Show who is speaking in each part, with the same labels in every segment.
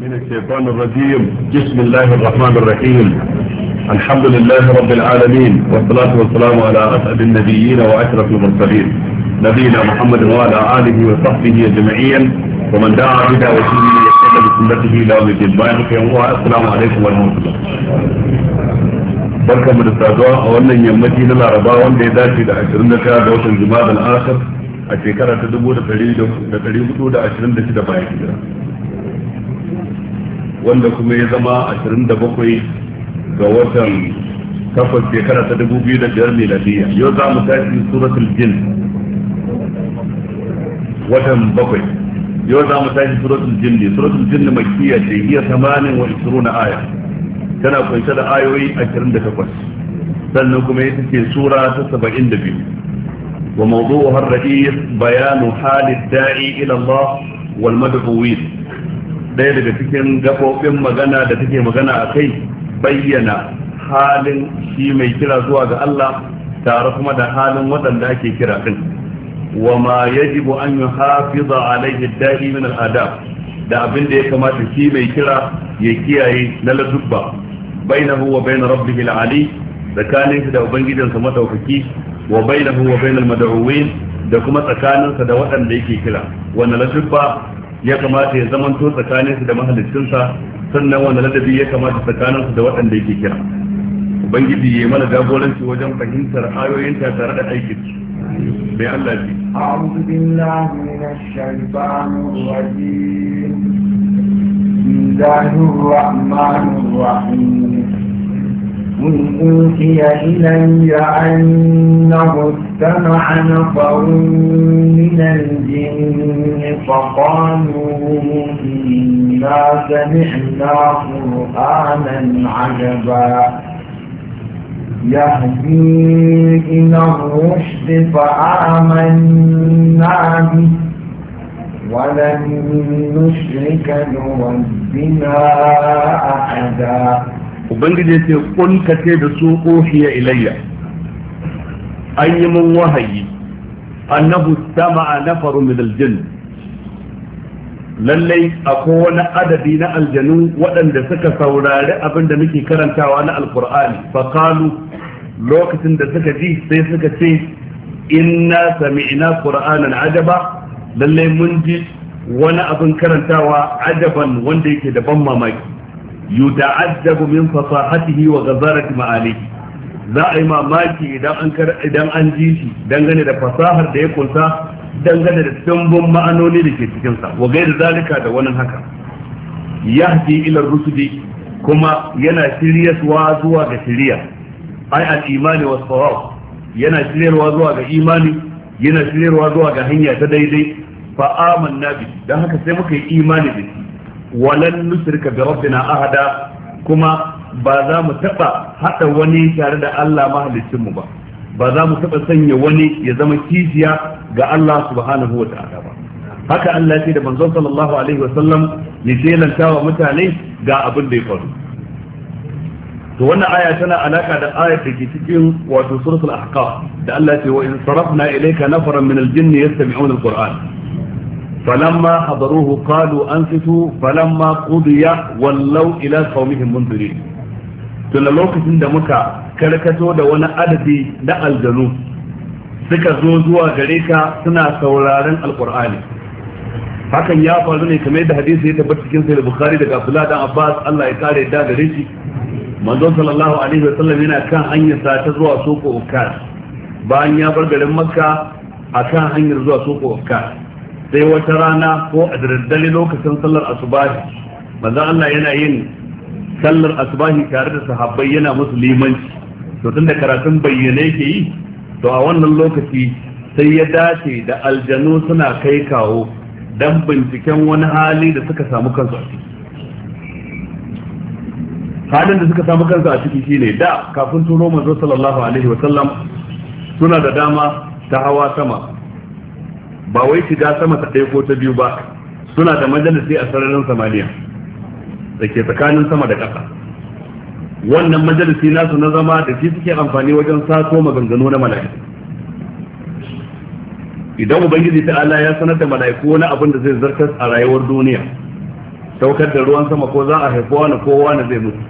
Speaker 1: من الشيطان الرجيم بسم الله الرحمن الرحيم الحمد لله رب العالمين والصلاة والسلام على أسعد النبيين وأشرف المرسلين نبينا محمد وعلى آله وصحبه أجمعين ومن دعا بدعوته يستنى بسنته إلى يوم الدين السلام عليكم ورحمة الله barkan mu da saduwa a wannan yammaci na laraba wanda ya dace da 29 ga تفريدو تفريدو تفريدو تفريدو تفريدو wanda kuma ya zama 27 ga watan takwas shekara ta 2005 miladiyya yau za mu tashi suratul jin watan bakwai yau za mu tashi suratul jin ne suratul jin makkiya ce hiya na aya tana kunshe da ayoyi 28 sannan kuma ita ce sura ta 72 وموضوعها الرئيس بيان حال الداعي إلى الله والمدعوين ɗaya daga cikin gabobin magana da take magana a kai bayyana halin shi mai kira zuwa ga Allah tare kuma da halin waɗanda ake kira ɗin wa ma yajibu an yi hafiza alaihi da'i min al'adab da abin da ya kamata shi mai kira ya kiyaye na ladubba bainahu wa bain rabbih al'ali tsakanin shi da ubangijinsa madaukaki wa bainahu wa bain al da kuma tsakaninsa da waɗanda yake kira wannan ladubba ya kamata ya zamanto tsakanin su da mahalicinsa sannan wanda ladabi ya kamata tsakanin su da waɗanda yake kira ubangiji ya mana jagoranci wajen fahimtar ayoyin ta tare da aikin su bai Allah
Speaker 2: ji a'udhu billahi minash الشيطان rajim قل أوحي إلي أنه استمع نفر من الجن فقالوا إنا سمعنا قرآنا عجبا يهدي إلى الرشد فآمنا به ولن نشرك بربنا أحدا ubangiji ce ƙunkace
Speaker 1: da su ohiya ilayya an yi mun wahayi annahu a nafaru min lallai akwai wani adadi na aljanu waɗanda suka saurari abin da muke karantawa na alkur'ani faqalu lokacin da suka ji sai suka ce inna sami'na qur'anan ajaba lallai mun ji wani abin karantawa ajaban wanda yake da ban mamaki yuta'addabu min fasahatihi wa ghazarati ma'alihi za a yi mamaki idan an idan ji shi dangane da fasahar da ya kunsa dangane da dimbin ma'anoni da ke cikin sa wa gaida zalika da wani haka yahdi ila rusuli kuma yana shiryaswa zuwa ga shiriya ai al-imani wa sawab yana shiryarwa zuwa ga imani yana shiryarwa zuwa ga hanya ta daidai fa amanna bi dan haka sai muka yi imani da shi walan nusrika bi rabbina ahada kuma ba za mu taba hada wani tare da Allah mahalicin mu ba ba za mu taba sanya wani ya zama kisiya ga Allah subhanahu wa ta'ala ba haka Allah ya ce da manzon sallallahu alaihi wa sallam ni wa mutane ga abin da ya faru to wannan aya tana alaka da ayar da ke cikin wato suratul ahqaf da Allah ya ce wa in sarafna ilayka nafaran min al-jinni yastami'una al-qur'an فلما حضروه قالوا أنصتوا فلما قضي ولوا إلى قومهم منذرين tun lokacin da muka karkato da wani adadi na aljanu suka zo zuwa gare ka suna sauraren alkur'ani hakan ya faru ne kamar yadda hadisi ya tabbata cikin da bukhari daga Abdullahi dan abbas Allah ya kare da gare shi manzo sallallahu alaihi sallam, yana kan hanyar sa ta zuwa soko ukkar bayan ya bar garin makka akan hanyar zuwa soko ukkar sai wata rana ko a daddare lokacin sallar asubahi manzo Allah yana yin sallar asubahi tare da sahabbai yana musu limanci to tunda karatun bayyane ke yi to a wannan lokaci sai ya dace da aljanu suna kai kawo don binciken wani hali da suka samu kansu a ciki halin da suka samu kansu a ciki shine da kafin turo manzo sallallahu alaihi wa sallam suna da dama ta hawa sama ba wai shiga sama ta ɗaya ko ta biyu ba suna da majalisi a sararin samaniya da ke tsakanin sama da ƙasa wannan majalisi nasu na zama da shi suke amfani wajen sato maganganu na mala'iku idan ubangiji ta ala ya sanar da mala'iku wani abin da zai zartas a rayuwar duniya saukar da ruwan sama ko za a haifi wani ko wani zai mutu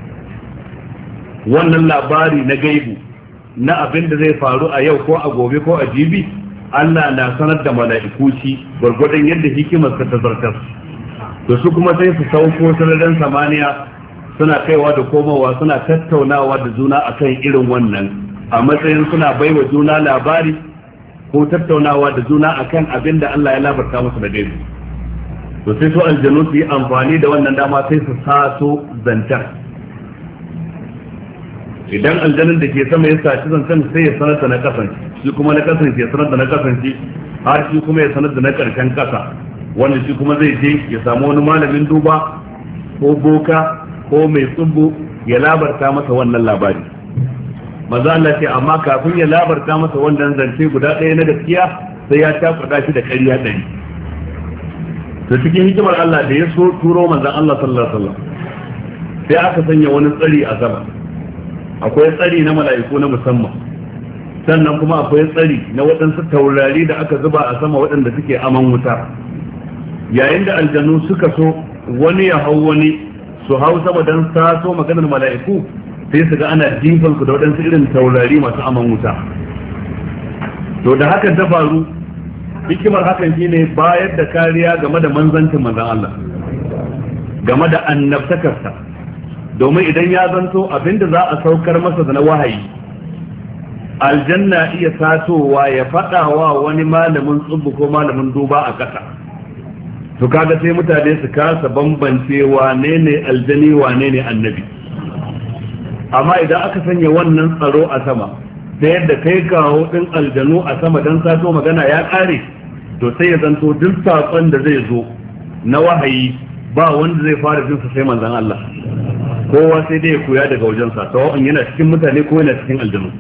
Speaker 1: wannan labari na gaibu na abin da zai faru a yau ko a gobe ko a jibi Allah na sanar da mala'iku shi gwargwadon yadda hikimar ta zartar to su kuma sai su sauko sararin samaniya suna kaiwa da komowa suna tattaunawa da juna akan irin wannan a matsayin suna baiwa juna labari ko tattaunawa da juna akan abin da Allah ya labarta musu da dai to sai su aljanu su yi amfani da wannan dama sai su saso zantar idan aljanun da ke sama ya saci zantar sai ya sanarta na kasance shi kuma na kasan ya sanar da na kasan shi har shi kuma ya sanar da na karshen kasa wanda shi kuma zai je ya samu wani malamin duba ko boka ko mai tsubbu ya labarta masa wannan labari maza Allah ce amma kafin ya labarta masa wannan zance guda ɗaya na gaskiya sai ya takuɗa shi da ƙarya ɗari to cikin hikimar Allah da ya so turo manzon Allah sallallahu alaihi wasallam sai aka sanya wani tsari a sama akwai tsari na mala'iku na musamman sannan kuma akwai tsari na waɗansu taurari da aka zuba a sama waɗanda suke aman wuta yayin da aljanu suka so wani ya hau wani su hau sama don saso maganar mala'iku sai su ga ana jifan su da waɗansu irin taurari masu aman wuta to da hakan ta faru hikimar hakan ne bayar da kariya game da manzancin manzan Allah game da annabtakarsa domin idan ya zanto abinda za a saukar masa da na wahayi aljanna iya satowa ya faɗawa wani malamin tsubu ko malamin duba a ƙasa to kaga sai mutane su kasa bambance wane ne aljani wane ne annabi amma idan aka sanya wannan tsaro a sama ta yadda kai kawo ɗin aljanu a sama don sato magana ya ƙare to sai ya zanto duk saƙon da zai zo na wahayi ba wanda zai fara jinsa sai manzan Allah kowa sai dai ya koya daga wajensa in yana cikin mutane ko yana cikin aljanu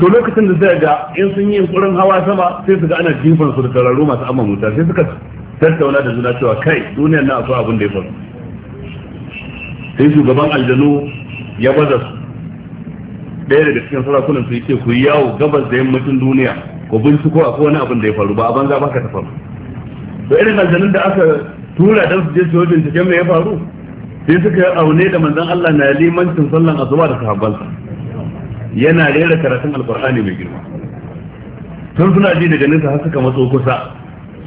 Speaker 1: to lokacin da zai ga in sun yi kurin hawa sama sai su ga ana jifan su da tararru masu amma wuta sai suka tattauna da juna cewa kai duniyar na akwai abin da ya faru sai shugaban aljanu ya baza su ɗaya daga cikin sarakunan su yake ku yawo gabas da yammacin duniya ku binciko a wani abin da ya faru ba a banza ba ka ta faru to irin aljanun da aka tura don su je su yi me ya faru sai suka yi aune da manzon Allah na limancin sallan asuba da sahabbansa yana rera karatun alkur'ani mai girma tun suna ji daga nesa har suka matso kusa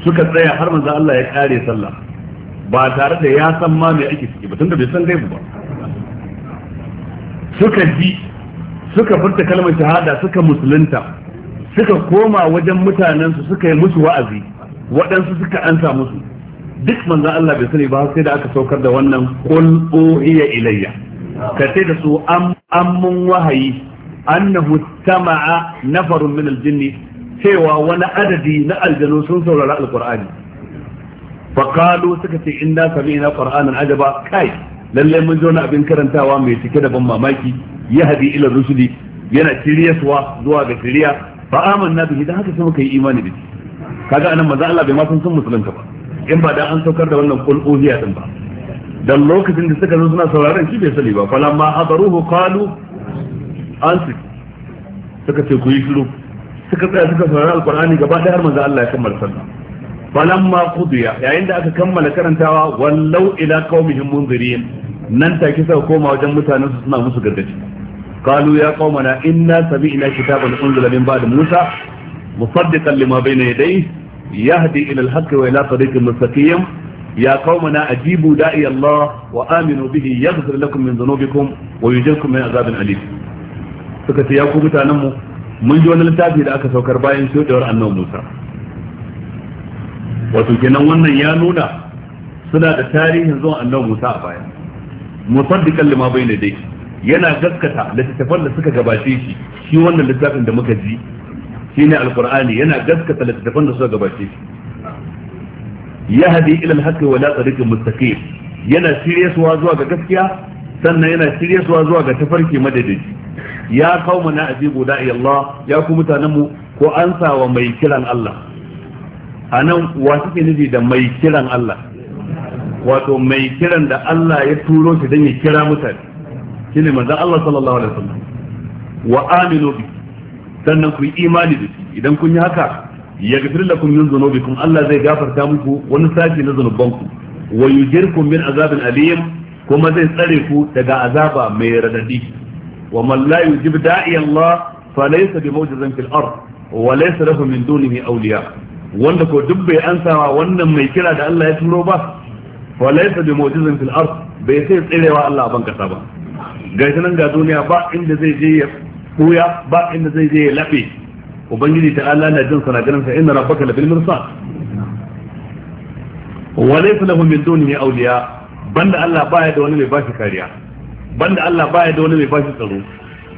Speaker 1: suka tsaya har manzo Allah ya kare sallah ba tare da ya san ma me ake ciki ba tunda bai san gaibu ba suka ji suka furta kalmar shahada suka musulunta suka koma wajen mutanensu suka yi musu wa'azi waɗansu suka ansa musu duk manzan Allah bai sani ba sai da aka saukar da wannan qul uhiya ilayya ka ce da su am ammun wahayi annahu sama'a nafarun min aljinni cewa wani adadi na aljanu sun saurari alqur'ani fa qalu suka ce inna sami'na qur'anan ajaba kai lalle mun ji wani abin karantawa mai cike da ban mamaki yahdi ila rusuli yana shiryaswa zuwa ga shiriya fa amanna bihi dan haka sai muka yi imani da shi kaga anan manzo Allah bai ma san sun musulunta ba in ba da an saukar da wannan kul din ba dan lokacin da suka zo suna sauraron shi bai sani ba falamma hadaruhu qalu ansu suka ce ku yi shiru suka tsaya suka saurari alkur'ani gaba ɗaya har manzo Allah ya kammala sallah falamma yayin da aka kammala karantawa wallau ila qaumihim munzirin nan take saka koma wajen mutanen su suna musu gargaɗi قالوا يا قومنا إنا سمعنا كتابا أنزل من بعد موسى مصدقا لما بين يديه يهدي إلى الحق وإلى طريق مستقيم يا قومنا أجيبوا داعي الله وآمنوا به يغفر لكم من ذنوبكم ويجلكم من عذاب أليم suka ce ya ku mutanen mu mun ji wani littafi da aka saukar bayan shodewar annabi Musa wato kenan wannan ya nuna suna da tarihin zuwan annabi Musa a baya musaddiqan lima bayna dai yana gaskata littattafan da suka gabace shi shi wannan littafin da muka ji shine alqur'ani yana gaskata littattafan da suka gabace shi yahdi ila al-haqqi wa la tariqin mustaqim yana shiryasuwa zuwa ga gaskiya sannan yana shiryasuwa zuwa ga tafarki madadaci ya kauma na ajibu da'i Allah ya ku mutanen mu ko an wa mai kiran Allah anan wa suke nufi da mai kiran Allah wato mai kiran da Allah ya turo shi dan ya kira mutane shine manzon Allah sallallahu alaihi wasallam wa aminu bi sannan ku yi imani da shi idan kun yi haka ya gafir lakum min dhunubikum Allah zai gafarta muku wani sashi na zanubanku wa yujirkum min azabin alim kuma zai tsare ku daga azaba mai radadi ومن لا يجيب داعي الله فليس بموجز في الأرض وليس له من دونه أولياء wanda ko duk bai ansa wa wannan mai kira da Allah ya turo ba fa laysa bi mu'jizin fil ard bai sai tsirewa Allah ban kasa ba gashi nan ga duniya ba inda zai je ya buya ba inda zai je ya labe ubangiji ta Allah na jin sana ganin sa inna rabbaka la bil mirsad wa laysa lahu min dunihi awliya banda Allah baya da wani mai bashi kariya banda Allah baya da wani mai bashi tsaro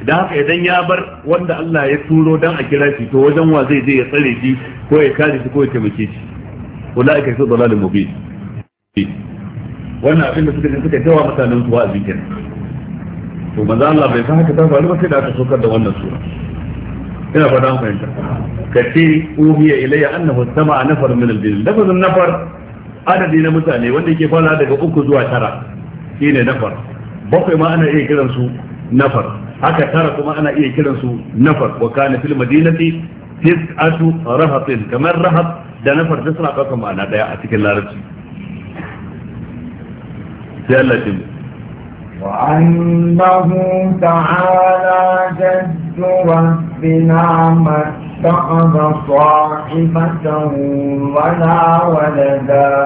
Speaker 1: idan haka idan ya bar wanda Allah ya turo dan a kira shi to wajen wa zai je ya tsare shi ko ya kare shi ko ya taimake shi wallahi kai so dalalin mubin wannan abin da suka yi suka tawa mutanen su a kenan to manzo Allah bai san haka ta faru ba sai da aka sokar da wannan sura ina fata an fahimta kace uhiya ilayya annahu sama'a nafar min al-jinn lafazun nafar adadi na mutane wanda yake fara daga uku zuwa tara shine nafar bakwai ma ana iya kiran su nafar haka tara kuma ana iya kiran su nafar wa kana fil madinati tis'atu rahatin kamar rahat da nafar da suna ɗaukar ma'ana daya a cikin larabci sai Allah ya
Speaker 2: وأنه تعالى جد ربنا ما اتخذ صاحبة ولا ولدا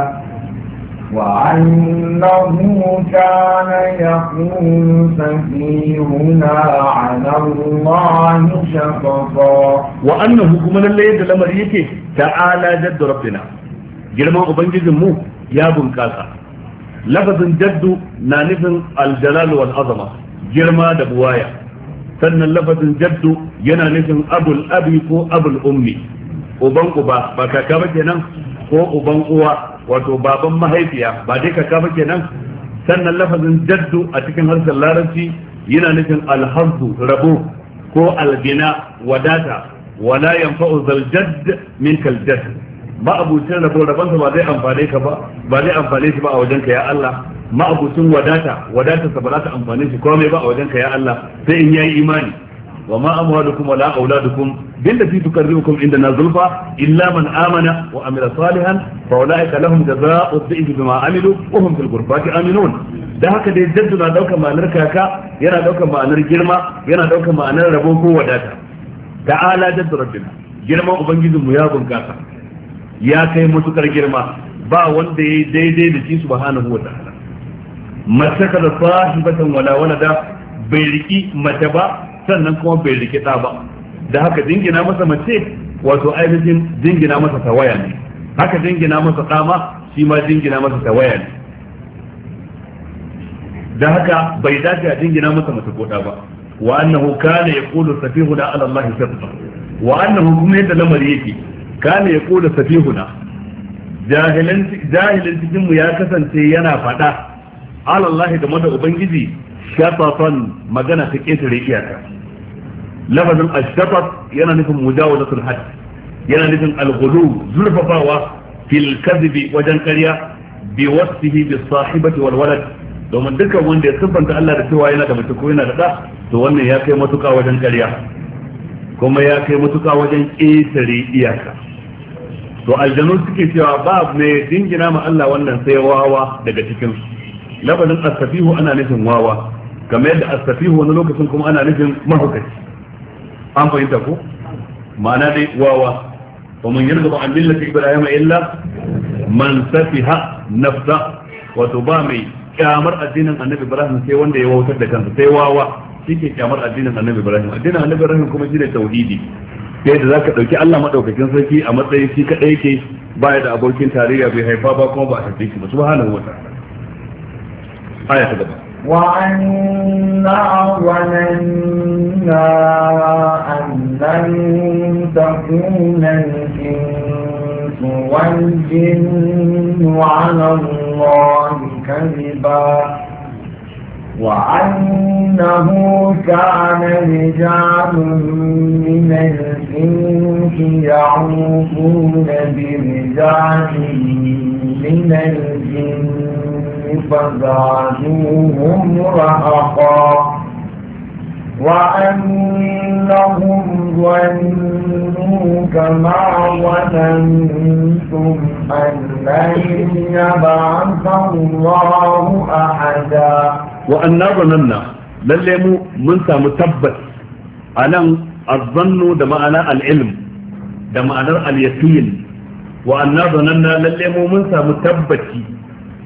Speaker 2: وأنه كان يقول سفيرنا على الله شفقا وأنه كما لا يدل مريك
Speaker 1: تعالى جد ربنا جلما أبنجز مو يا بنكاسا لفظ جد نانف الجلال والعظمة جلما دبوايا sannan lafazin jaddu yana nufin abul abi ko abul ummi uban uba ba kaka ba kenan ko uban uwa wato baban mahaifiya ba dai kaka ba kenan sannan lafazin jaddu a cikin harshen larabci yana nufin alhazzu rabo ko albina wadata wala yanfa'u zal jadd min kal jadd ba abucin rabo rabonsa ba zai amfane ka ba ba zai amfane shi ba a wajenka ya Allah ma abucin wadata wadata sa ba za ta amfane shi mai ba a wajenka ya Allah sai in yayi imani wa ma amwalukum wala auladukum billati tukarribukum indana zulfa illa man amana wa amila salihan fa ulaika lahum jazaa'u dhi'fi bima amilu wa hum fil ghurfati aminun da haka dai jaddu na daukar ma'anar kaka yana daukar ma'anar girma yana daukar ma'anar rabo ko wadata ta'ala jaddu rabbina girman mu ya bunkasa ya kai matukar girma ba wanda ya yi daidai da shi subhanahu wa ta'ala mace kada sahibatan wala da bai riki mace ba sannan kuma bai rikida ba da haka jingina masa mace wato ainihin jingina masa tawaya ne haka jingina masa dama shi ma jingina masa tawaya ne da haka bai dace a jingina masa mace ko ba wa annahu kana yaqulu safihuna ala Allah sabba wa annahu kuma yadda lamari yake kana yaqulu safihuna jahilin jahilin cikin mu ya kasance yana fada ala Allah game da ubangiji shafafan magana ta ƙetare iyaka lafazin ashafaq yana nufin mujawazatul hadd yana nufin alghulu zulfafawa fil kadhibi wajen ƙarya bi wasfihi bi sahibati wal walad domin dukkan wanda ya siffanta Allah da cewa yana da mace ko yana da ɗa to wannan ya kai matuƙa wajen ƙarya kuma ya kai matuƙa wajen ƙetare iyaka to aljanu suke cewa ba mai dingina ma Allah wannan sai wawa daga cikin labarin asafihu ana nufin wawa kamar yadda asafihu wani lokacin kuma ana nufin mahaukaci an fahimta ko ma'ana dai wawa wa mun yarda ba an millati ibrahim illa man safiha nafsa wato ba mai kyamar addinin annabi ibrahim sai wanda ya wautar da kansa sai wawa shi ke kyamar addinin annabi ibrahim addinin annabi ibrahim kuma shi ne tauhidi sai da zaka dauki Allah madaukakin sarki a matsayin shi kadai yake baya da abokin tarayya bai haifa ba kuma ba a haife shi ba subhanahu wa
Speaker 3: ta'ala aya ta gaba
Speaker 2: وأنا ظننا أن لن تكون الإنس والجن على الله كذبا وأنه كان رجال من الإنس يعوقون برجال من الجن فزادوهم رهقا وأنهم ظنوا كما ظننتم أن لن يبعث الله أحدا وأنا ظننا lalle mu mun samu tabbas
Speaker 1: a nan azzannu da ma'ana al'ilm da ma'anar al-yaqin wa mu mun tabbaci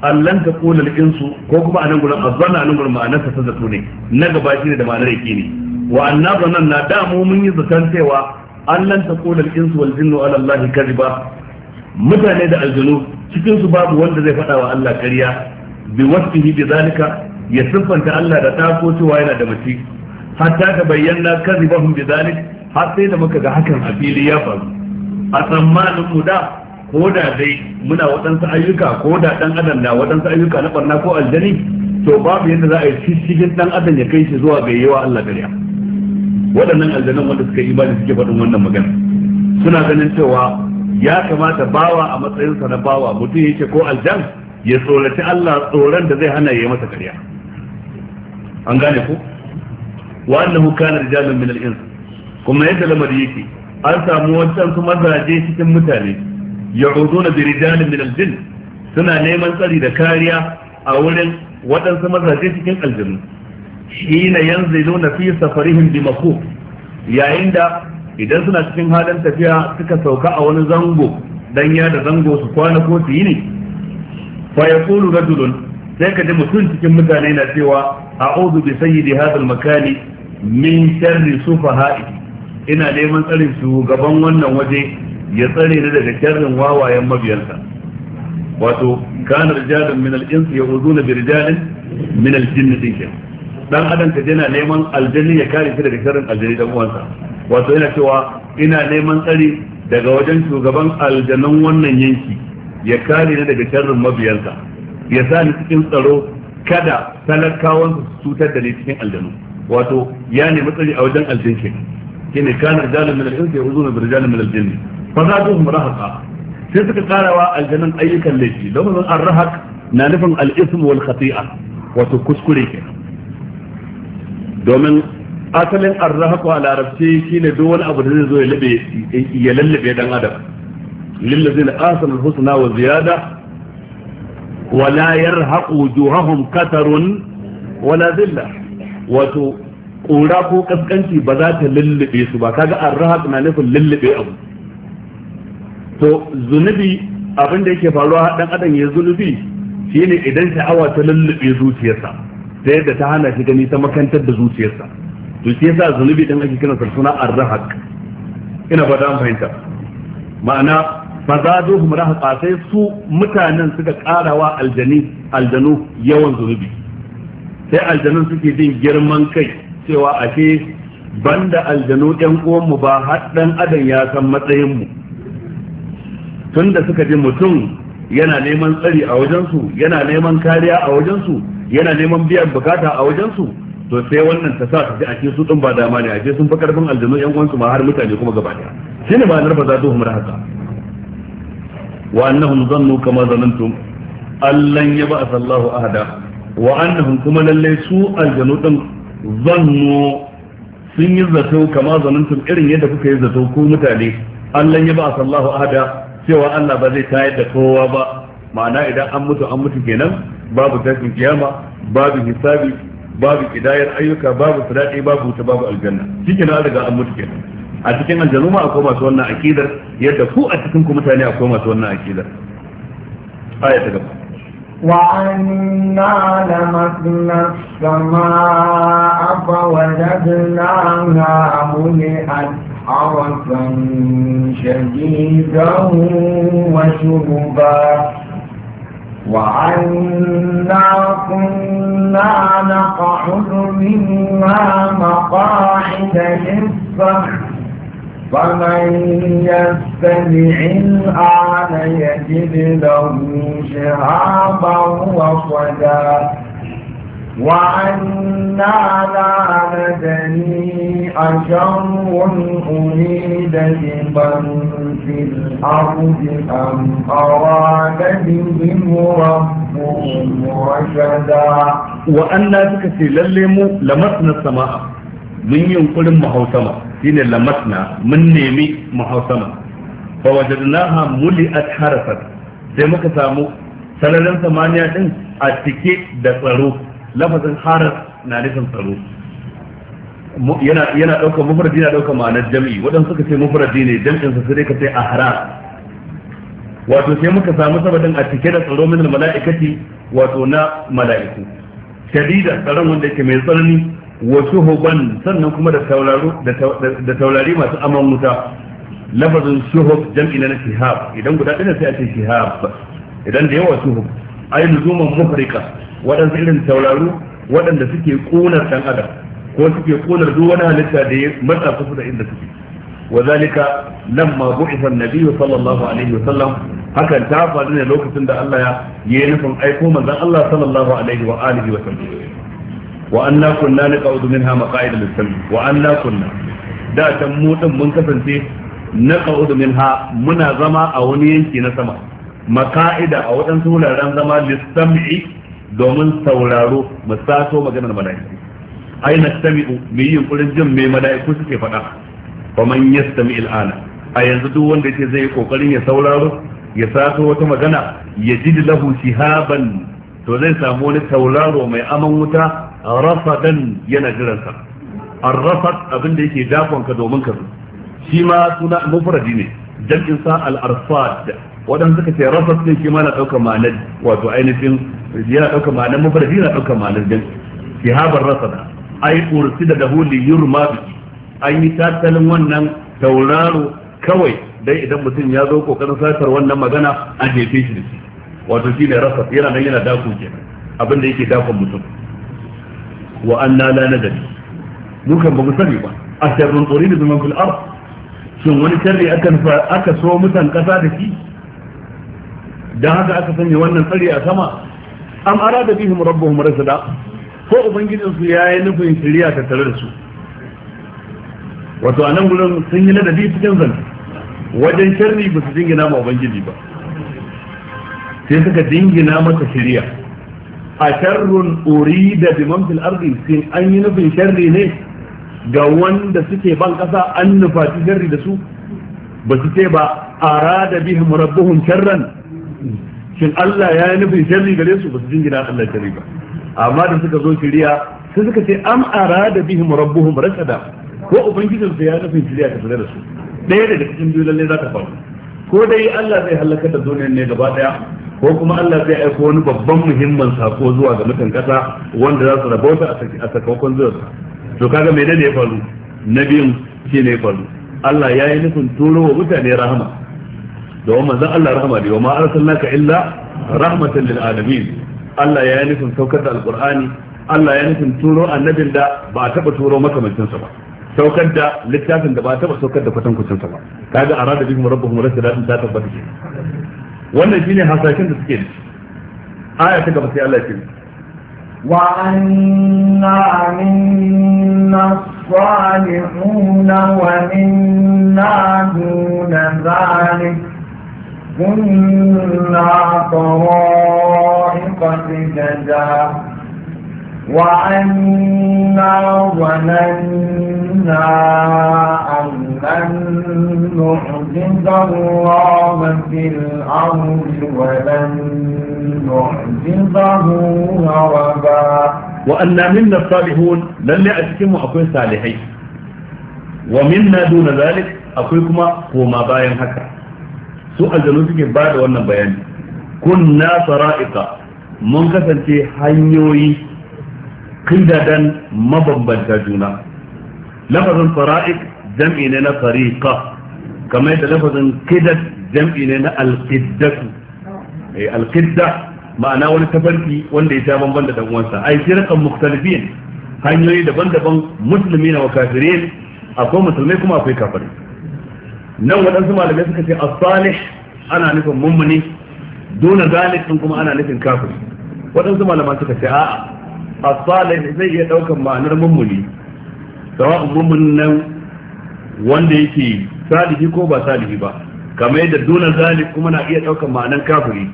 Speaker 1: allan ta kula insu ko kuma anan gurin azzana anan gurin ma'anar ta zato ne na gaba shine da ma'anar yake ne wa annaba nan na da mu mun yi zaton cewa allan ta kula insu wal jinnu ala allahi kadiba mutane da aljanu cikin su babu wanda zai faɗa wa Allah ƙarya bi wasfihi bi zalika ya siffanta Allah da ta ko cewa yana da mace hatta ta bayyana kadibahum bi zalik har sai da muka ga hakan a fili ya faru a tsammanin mu da ko da dai muna waɗansu ayyuka ko da ɗan adam na waɗansu ayyuka na ɓarna ko aljani to babu yadda za a yi cikin ɗan adam ya kai shi zuwa ga yawa Allah gariya waɗannan aljanan wanda suka yi imani suke faɗin wannan magana suna ganin cewa ya kamata bawa a matsayinsa na bawa mutum yake ko aljan ya tsorace Allah tsoron da zai hana ya yi masa ƙarya an gane ku wannan hukana da jami'in min al kuma yadda lamari yake an samu wancan su mazaje cikin mutane ya'uduna na من الجن سنا suna neman tsari da kariya a wurin waɗansu mazaje cikin aljanu shine yanziluna fi yayin da idan suna cikin halin tafiya suka sauka a wani zango dan ya da zango su kwana ko su yi ne fa yaqulu rajulun sai ka ji mutum cikin mutane na cewa a'udhu bi sayyidi hadha al-makani min sharri sufaha'i ina neman tsarin shugaban wannan waje ya tsare ni daga sharrin wawayen mabiyansa wato kana rijalun min al-insi uzu na rijalin min al-jinni dinkin dan adam ka yana neman aljanni ya kare shi daga sharrin aljanni dan uwansa wato yana cewa ina neman tsari daga wajen shugaban aljannan wannan yanki ya kare ni daga sharrin mabiyansa ya sa ni cikin tsaro kada talakawansu su cutar da ni cikin aljanu wato ya nemi tsari a wajen aljinki shine kana rijalun min al-insi uzu na rijalin min al-jinni fa za su rahaqa sai suka karawa aljannan ayyukan laifi lafazin arhaq na nufin al-ism wal khati'a wato kuskure kenan domin asalin arhaq a larabci shine duk wani abu da zai zo ya labe ya lallabe dan adam lillazina asana al-husna wa ziyada ولا يرهق وجوههم كتر ولا ذلة wato ƙura ko kaskanci ba za ta lullube su ba kaga arhaq na nufin lullube abu to zunubi abin da yake faruwa dan adam ya zunubi shine idan sha'awa ta lullube zuciyarsa ta yadda ta hana shi gani ta makantar da zuciyarsa to shi yasa zunubi din ake kiransa suna al-rahaq, ina fata an fahimta ma'ana fa rahaqa sai su mutanen suka karawa aljani aljanu yawan zunubi sai aljanun suke jin girman kai cewa ashe banda aljanu ɗan uwanmu ba har ɗan adam ya san matsayinmu tunda suka ji mutum yana neman tsari a wajensu yana neman kariya a wajensu yana neman biyan bukata a wajensu to sai wannan ta sa ta ji a ke su din ba dama ne a ke sun fi karfin aljanu yan uwansu ma har mutane kuma gaba daya shine ba nar ba za duhum rahaka wa annahum zannu kama zanantum allan yaba sallahu ahada wa annahum kuma lalle su aljanu din zannu sun yi zato kama zanantum irin yadda kuka yi zato ko mutane allan yaba sallahu ahada cewa Allah ba zai tayar da kowa ba ma'ana idan an mutu an mutu kenan babu tashin kiyama babu hisabi babu kidayar ayyuka babu sadaqi babu wuta babu aljanna shikenan an riga an mutu kenan a cikin aljanu ma akwai masu wannan akidar yadda ku a cikin ku mutane akwai masu wannan akidar aya ta gaba
Speaker 2: وأنا لمسنا السماء فوجدناها ملئت عرفا شديدا وشربا وأنا كنا نقعد منها مقاعد للسخر فمن يستمع الأعلى يجد له شهابا وصدا وأنا لا ندري أشر أريد بمن في الأرض أم أراد بهم ربهم رشدا وأنا تكفي للم لمسنا السماء mun yi yunkurin
Speaker 1: mu hau sama shine lamasna mun nemi mu hau wajen fa wajadnaha muli'at harafat sai muka samu sararin samaniya din a cike da tsaro lafazin haras na nufin tsaro yana yana daukar mufradi yana daukar ma'anar jam'i wadanda suka ce mufradi ne jami'in su sai ka ce harar. wato sai muka samu sabadin a cike da tsaro min mala'ikati wato na mala'iku shadida tsaron wanda yake mai tsanani wa shuhuban sannan kuma da taurari da taurari masu aman wuta lafazin shuhub jam'i na shihab idan guda ɗaya sai a ce shihab idan da yawa shuhub ai luzuman mufrika waɗansu irin tauraru waɗanda suke ƙunar ɗan adam ko suke ƙunar duk wani halitta da ya matsa kusa da inda suke وذلك لما بعث النبي sallallahu alaihi wa sallam hakan ta faru ne lokacin da Allah ya yi nufin aiko manzon Allah sallallahu alaihi wa alihi wa sallam wa anna kunna naqa'udu minha maqa'ida lis-sami wa anna da tan mu din mun kasance naqa'udu minha muna zama a wani yanki na sama Maka'ida a wadansu wuraren zama lis domin sauraro mu sato maganar mala'iku ai nastami'u mu yi yunkurin jin me mala'iku suke faɗa fa man yastami'il ana a yanzu duk wanda yake zai kokarin ya sauraro ya sato wata magana ya ji lahu shihaban to zai samu wani tauraro mai aman wuta rafadan yana jiransa ar rasa abin da yake dakon ka domin ka zo shi ma suna mufradi ne jam'in sa al-arfad wadanda suka ce rafad ne shi ma na dauka ma'anar wato ainihin yana dauka ma'anar mufradi yana daukar ma'anar jam'i shihabar rasada ai ursida da li yurma bi an yi tattalin wannan tauraro kawai dai idan mutum ya zo kokarin satar wannan magana an jefe shi da shi wato shine yana nan yana dakon kenan abin da yake dakon mutum wa anna la nadri dukan ba mu sani ba a sharrun tsorin da zaman fil ard shin wani sharri aka so mutan kasa da shi dan haka aka sanya wannan tsari a sama am arada bihim rabbuhum rasada ko ubangijin su yayi nufin shiriya ta tare da su wato anan gurin sun yi ladabi cikin zan wajen sharri ba su dingina ma ubangiji ba sai suka dingina masa shiriya a sharrun urida bi man fil ardi sin an yi nufin sharri ne ga wanda suke ban kasa an nufaci sharri da su ba su ce ba arada bihim rabbuhum sharran shin Allah ya yi nufin sharri gare su ba su jingina Allah sharri ba amma da suka zo shiriya sai suka ce am arada bihim rabbuhum rashada ko ubangijin su ya nufin shiriya ta tare da su Daya daga cikin biyu lalle za ta faru ko dai Allah zai halaka da duniyar ne gaba daya ko kuma Allah zai aiko wani babban muhimmin sako zuwa ga mutan kasa wanda za su rabauta a sakamakon zuwa to kaga me ne ya faru biyun shi ne ya faru Allah ya yi nufin turo wa mutane rahama da wa manzon Allah rahama ne wa ma ka illa rahmatan lil alamin Allah ya yi nufin saukar da alqur'ani Allah ya nufin turo annabin da ba a taba turo makamancinsa ba saukar da littafin da ba a taba saukar da kwatankwacin sa ba kaga arada bihim rabbuhum rasidatin ta tabbata wannan shine hasashen da suke aya ta gaba sai Allah ya ce wa
Speaker 2: وأنا منا الصالحون ومنا دون ذلك كنا طرائق سجدا وأنا ظننا أن لن نحجز الله في الأرض ولن نحجزه
Speaker 1: هربا وأنا منا الصالحون لن نأتكم أكون صالحين ومنا دون ذلك أكونكما هو ما باين سوء سؤال كيف بعد وأنا بيان كنا سرائق من في حيوي qidadan mabambanta juna lafazin fara'iq jam'i ne na fariqa kamar yadda lafazin qidad jam'i ne na alqiddatu eh alqidda ma'ana wani tafarki wanda ya sha bamban da dan uwansa ai firqan mukhtalifin hanyoyi daban-daban musulmi na wa kafirin akwai musulmai kuma akwai kafiri nan waɗansu malamai suka ce as-salih ana nufin mummuni dona zalik din kuma ana nufin kafiri waɗansu malaman suka ce a'a as-salih zai iya daukan ma'anar mummuni sawa'un mummunin nan wanda yake salihi ko ba salihi ba kamar yadda duna zalik kuma na iya daukan ma'anar kafiri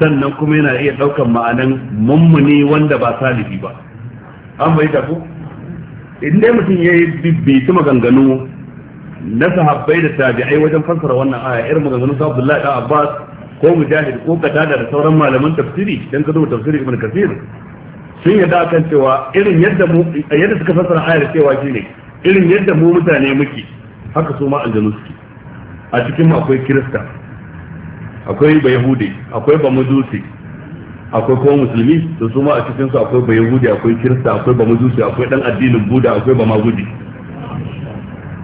Speaker 1: sannan kuma yana iya daukan ma'anar mummuni wanda ba salihi ba an bai ta ko mutum ya yi bibbitu maganganu na sahabbai da tabi'ai wajen fassara wannan aya irin maganganun sa Abdullahi da Abbas ko Mujahid ko Qatada da sauran malaman tafsiri dan ka zo tafsiri Ibn kasir sun yadda akan cewa irin yadda mu yadda suka fassara ayar cewa shine irin yadda mu mutane muke haka su ma aljanu suke a cikin mu akwai kirista akwai bayahudi akwai bamajusi akwai kuma musulmi to su ma a cikin su akwai bayahudi akwai kirista akwai bamajusi akwai dan addinin buda akwai bamagudi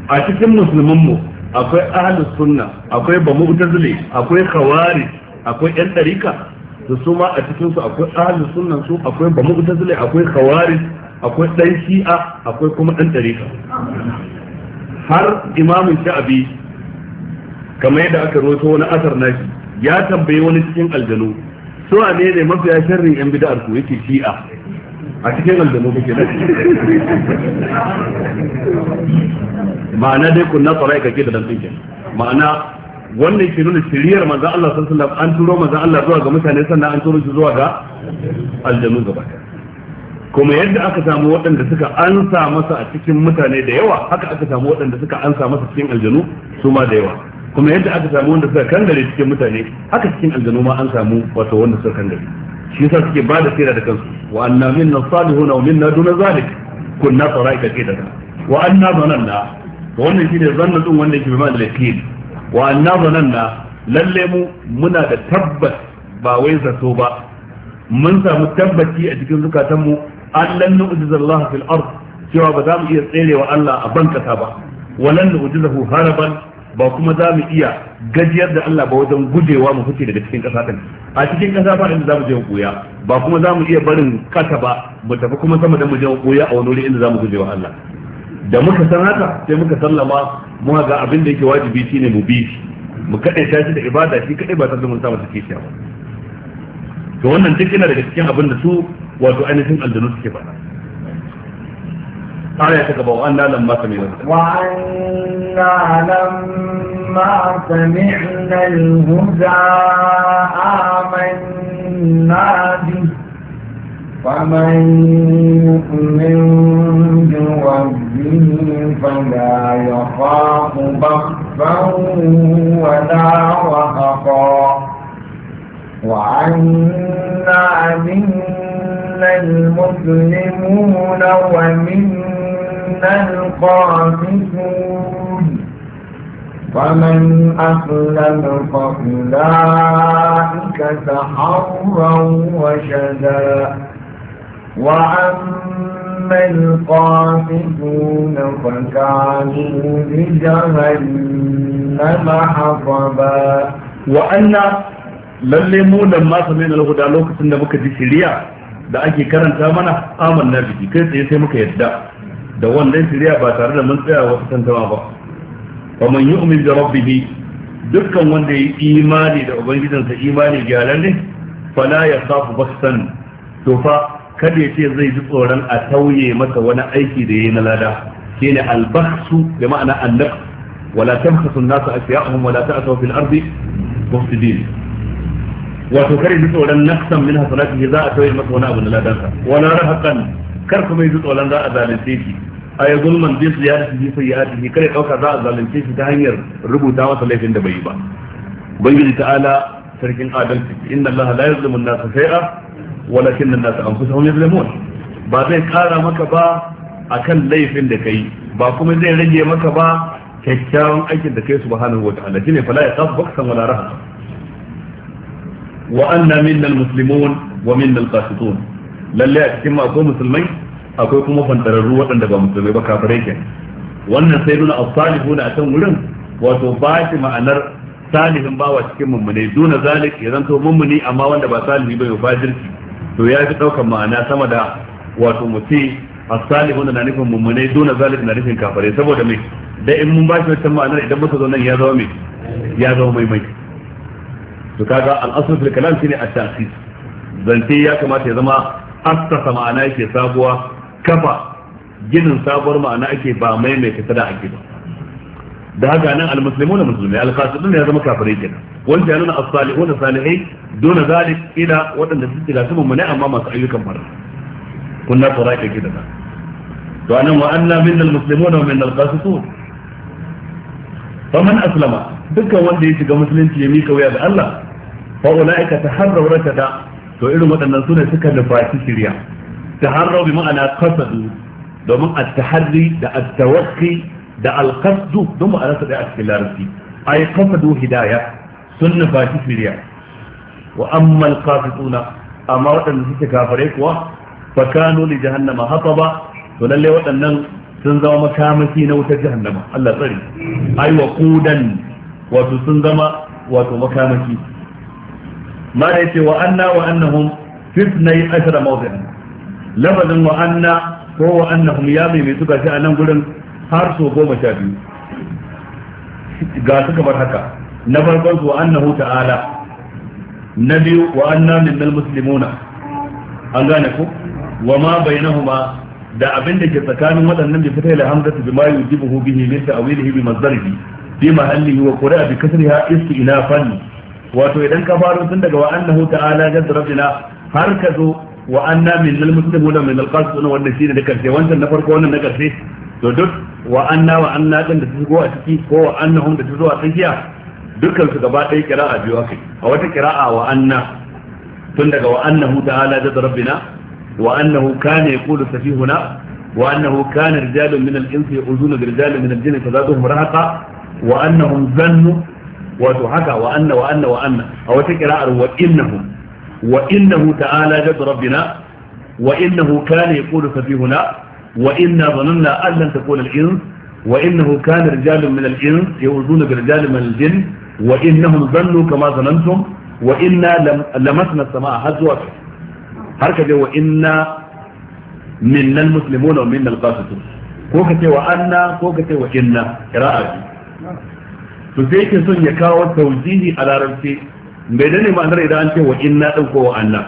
Speaker 1: a cikin musulmin mu akwai ahlus sunna akwai bamu'tazili akwai khawari akwai yan dariƙa to su ma a cikin su akwai ahli sunnan su akwai ba mu'tazili akwai khawarij akwai dan shi'a akwai kuma dan tariqa har imamu sha'abi kamar yadda aka rawaito wani asar nashi ya tambayi wani cikin aljanu su ne ne ya sharri yan bid'ar ku yake shi'a a cikin aljanu kake nan ma'ana dai kunna na tsara ka ke da dan tsinke ma'ana wannan ke nuna shiriyar manzan Allah sallallahu alaihi wasallam an turo manzan Allah zuwa ga mutane sannan an turo shi zuwa ga aljanu gaba kuma yadda aka samu waɗanda suka ansa masa a cikin mutane da yawa haka aka samu waɗanda suka ansa masa cikin aljanu su ma da yawa kuma yadda aka samu wanda suka kangare cikin mutane haka cikin aljanu ma an samu wato wanda suka kangare shi yasa suke ba da tsira da kansu wa anna minna salihuna wa minna duna zalik kunna saraika qidada wa anna zananna wannan shine zanna din wanda yake bi ma da lafiya wa na anna na, lalle mu muna da tabbas ba wai zato ba mun samu tabbaci a cikin zukatan mu an lan nu'jizallahu fil ard cewa ba za mu iya tserewa Allah a ban kasa ba Wa walan nu'jizahu haraban ba kuma za mu iya gajiyar da Allah ba wajen gujewa mu fice daga cikin kasa din a cikin kasa ba inda za mu je koya ba kuma za mu iya barin kasa ba mu tafi kuma sama da mu je koya a wani wuri inda za mu gujewa Allah da muka san haka sai muka sallama mu ga abin da yake wajibi shine mu bi shi mu kaɗai shi da ibada shi kaɗai ba ta zama sa masa kishiya ba to wannan duk yana daga cikin abin da su wato ainihin aljanu suke ba. faɗa sami تقبل وأنا لما ma sami لما
Speaker 2: al-huda amanna به فمن يؤمن بربه فلا يخاف بخفا ولا رهقا وعنا منا المسلمون ومنا القاسطون فمن أسلم فأولئك سحرا وشدا وأما القاسطون فكانوا لجهنم حطبا وأن
Speaker 1: lalle mu da ma sami da lahuda lokacin da muka ji shiriya da ake karanta mana aman na biki kai tsaye sai muka yadda da wannan shiriya ba tare da mun tsaya wasu tantama ba fa man yu'min bi rabbih dukkan wanda ya yi imani da ubangijinsa imani gyalan ne fala ya khafu basan to fa kada ya ce zai ji tsoron a tauye masa wani aiki da yayi na lada shine albahsu da ma'ana annab wala tamkhasu an-nasu asiyahum wala ta'tu fil ardi mufsidin wato kare ji tsoron naqsan min hasanatihi za a tauye masa wani abu na ladansa wala rahaqan kar kuma ji tsoron za a zalunce shi ay zulman bi ziyadati sayyi'atihi kare dauka za a zalunce shi ta hanyar rubuta masa laifin da bai yi ba ubangiji ta'ala sarkin adalci inna allaha la yuzlimu an-nasa shay'a walakin nan nasu anfusahum yuzlimun ba zai kara maka ba akan laifin da kai ba kuma zai rage maka ba kyakkyawan aikin da kai subhanahu wata'ala shine fala ya kafu baksan wala raha wa anna minna almuslimun wa minna alqasitun lalle a cikin akwai musulmai akwai kuma fantararru waɗanda ba musulmai ba kafirai wannan sai nuna as-salihuna a wurin wato ba ma'anar salihin bawa cikin mummune duna zalik ya mummuni amma wanda ba salihi ba ya fajirci to ya fi ɗaukar ma'ana sama da wato mutum as da na nufin mummunai duna zalik na nufin kafare saboda mai da in mun bashi wata ma'anar idan muka zo nan ya zama mai ya zama mai mai to kaga al fil kalam shine at-ta'sis zance ya kamata ya zama asasa ma'ana yake sabuwa kafa ginin sabuwar ma'ana ake ba mai ta da ake ba da haka nan almuslimuna musulmai alqasidun ya zama kafirai kenan wanda ya nuna as-salihuna salihai dona zalik ila wadanda suke ga sun mun amma masu ayyukan mara kunna tsaraka kida da to anan wa anna minna almuslimuna wa minna alqasidun faman aslama dukkan wanda ya shiga musulunci ya mika waya ga Allah fa ulaika taharraw rakata to irin waɗannan sune suka nufaci shirya taharraw bi ma'ana qasadu domin at-tahri da at-tawaqqi da alkasdu don ma'anarsa ɗaya a cikin larabci ay qasadu hidaya sun nufaci shirya wa amma alqasituna amma waɗanda suke kafare kuwa fa kanu li jahannama hataba to lalle waɗannan sun zama makamaki na wutar jahannama Allah tsari ai wa qudan wato sun zama wato makamaki ma da yace wa anna wa annahum fitnai ashara mawdi'an lafazin wa anna ko wa annahum ya mai suka shi a nan gurin har so goma sha biyu ga suka bar haka na farkon su annahu ta'ala na biyu wa na minnal muslimuna an gane ku? wa ma bai da abin da ke tsakanin waɗannan bi fitai hamzatu bi ma yujibuhu bihi min ta'wilihi bi mazdarihi bi mahallihi wa qura bi kasriha fanni wato idan ka faro tun daga wa annahu ta'ala jadda rabbina har ka zo wa anna minnal muslimuna min alqasd wannan shine da karshe wancan na farko wannan na karshe to duk wa anna wa anna din da ta shigo a ciki ko wa annahum da ta zo a tsakiya dukkan su gaba ɗaya kira'a biyu akai a wata kira'a wa anna tun daga wa annahu ta'ala da rabbina wa annahu kana yaqulu safihuna wa annahu kana rijalun min al-insi yuzuna rijalun min al-jinni fazaduhum rahaqa wa annahum zannu wato haka wa anna wa anna wa anna a wata kira'ar wa innahu wa innahu ta'ala da rabbina wa innahu kana yaqulu safihuna وإنا ظننا أن لن تكون الإنس وإنه كان رجال من الإنس يوزون برجال من الجن وإنهم ظنوا كما ظننتم وإنا لمسنا السماء هزوة هركة وإنا منا المسلمون ومنا القاسطون كوكة وأنا كوكة وإنا قراءة فزيك سن يكاوى توجيهي على ربتي بدني ما نرى إذا أنت وإنا أو وأنا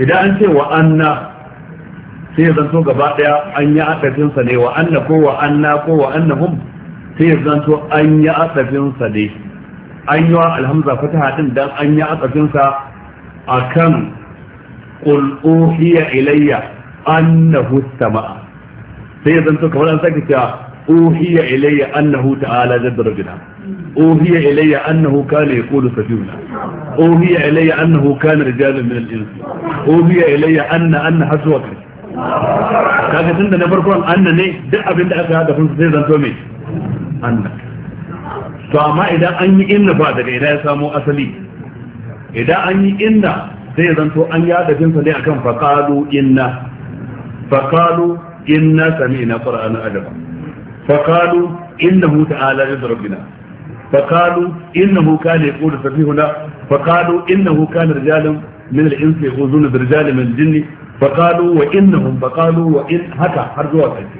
Speaker 1: إذا أنت وأنا sai zanto gaba daya an yi asafin sa ne wa anna ko wa anna ko wa annahum sai zanto an yi asafin sa ne an yi alhamza fataha din dan an yi asafin sa akan qul uhiya ilayya annahu samaa sai zanto kamar an sake cewa أوهي إلي أنه تعالى جد uhiya ilayya annahu kana yaqulu يقول uhiya ilayya annahu kana كان min al-ins uhiya ilayya anna anna حسوك kaga tun da na farkon anna ne duk abin da aka haɗa sun zai zanto mai anna to amma idan an yi inna ba da ina ya samu asali idan an yi inna zai zanto an ya haɗafin sa ne akan faqalu inna faqalu inna sami'na qur'ana adaba faqalu innahu ta'ala ya rabbina فقالوا إنه كان يقول سفيهنا فقالوا إنه كان رجال من الإنس يغوزون برجال من الجن faqalu wa innahum faqalu wa in haka har zuwa ƙarshe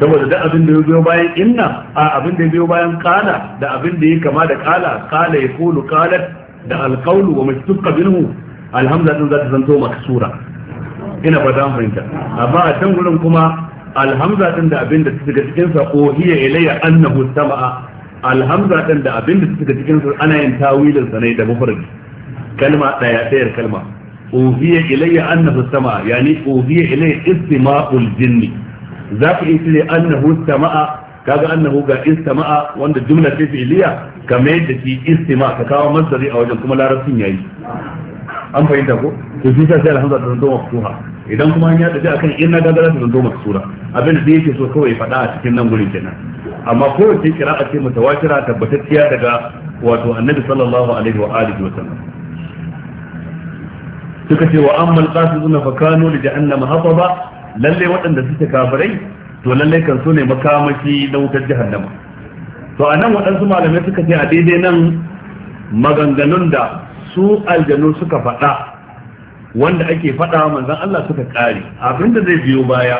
Speaker 1: saboda duk abin da ya biyo bayan inna a abin da ya biyo bayan qala da abin da ya kama da qala ya yaqulu qalat da alqawlu wa mashtuqa minhu alhamza din za ta zanto maksura ina ba dan fahimta amma a can gurin kuma alhamza din da abin da ta shiga cikin sa ko hiya ilayya annahu sama'a alhamza din da abin da ta shiga cikin sa ana yin tawilin sa ne da mufrad kalma daya dayar kalma uhiya ilayya annahu sama yani uhiya ilayya istima'ul jinni za ku yi cire annahu sama'a kaga annahu ga istama'a wanda jumla ce fi'liya kamar yadda ki istima ka kawo masdari a wajen kuma larabcin yayi an fahimta ko to shi sai alhamza da zanto mafsuha idan kuma an yada akan inna ga da zanto mafsura abin da yake so kawai faɗa a cikin nan gurin kenan amma kowace kira'a ce mutawatira tabbatacciya daga wato annabi sallallahu alaihi wa sallam suka ce wa ammal qasiduna fa kanu li jahannama hataba lalle waɗanda suke kafirai to lalle kan so ne makamashi na wutar jahannama to anan waɗansu malamai suka ce a daidai nan maganganun da su aljanu suka faɗa wanda ake faɗa manzon Allah suka kare abinda zai biyo baya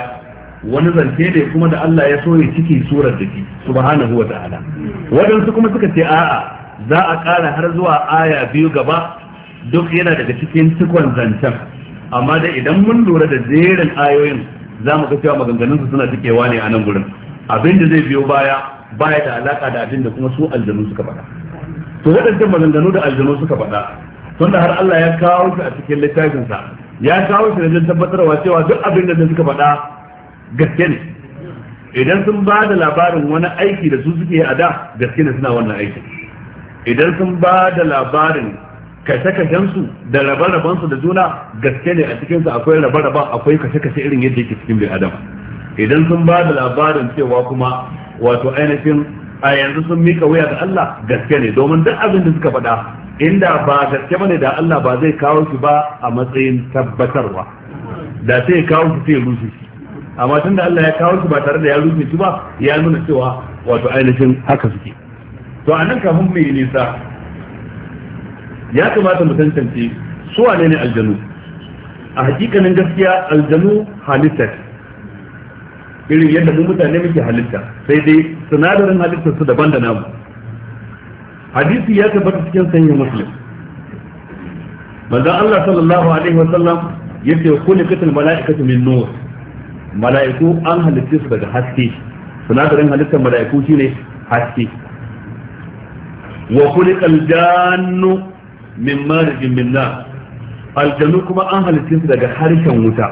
Speaker 1: wani zance ne kuma da Allah ya so ya ciki surar da shi subhanahu wa ta'ala waɗansu kuma suka ce a'a za a ƙara har zuwa aya biyu gaba duk yana daga cikin cikon zancen amma da idan mun lura da jerin ayoyin za mu ga cewa maganganun su suna cikewa ne a nan gurin abin da zai biyo baya baya da alaka da abin da kuma su aljanu suka faɗa to waɗannan maganganu da aljanu suka faɗa tunda har Allah ya kawo su a cikin littafinsa ya kawo su da tabbatarwa cewa duk abin da suka faɗa gaske ne idan sun ba da labarin wani aiki da su suke a da gaske ne suna wannan aiki idan sun ba da labarin kashe-kashensu da rabe-rabensu da juna gaske ne a cikinsu akwai rabe-raben akwai kashe-kashe irin yadda yake cikin bil adam idan sun ba da labarin cewa kuma wato ainihin a yanzu sun mika wuya ga Allah gaske ne domin duk abin da suka faɗa inda ba gaske bane da Allah ba zai kawo shi ba a matsayin tabbatarwa da sai kawo shi sai rushe shi amma tunda Allah ya kawo shi ba tare da ya rushe shi ba ya nuna cewa wato ainihin haka suke to anan kafin mai nisa ya kamata mu tantance su wane ne aljanu a hakikanin gaskiya aljanu halitta irin yadda mu mutane muke halitta sai dai sinadarin halittar su daban da namu hadisi ya tabbata cikin sanya muslim manzon Allah sallallahu alaihi wasallam yace kulikatul malaikatu min nur mala'iku an halitta su daga haske sinadarin halittar mala'iku shine haske wa kulikal aljannu min marijin min nar aljanu kuma an halittun su daga harshen wuta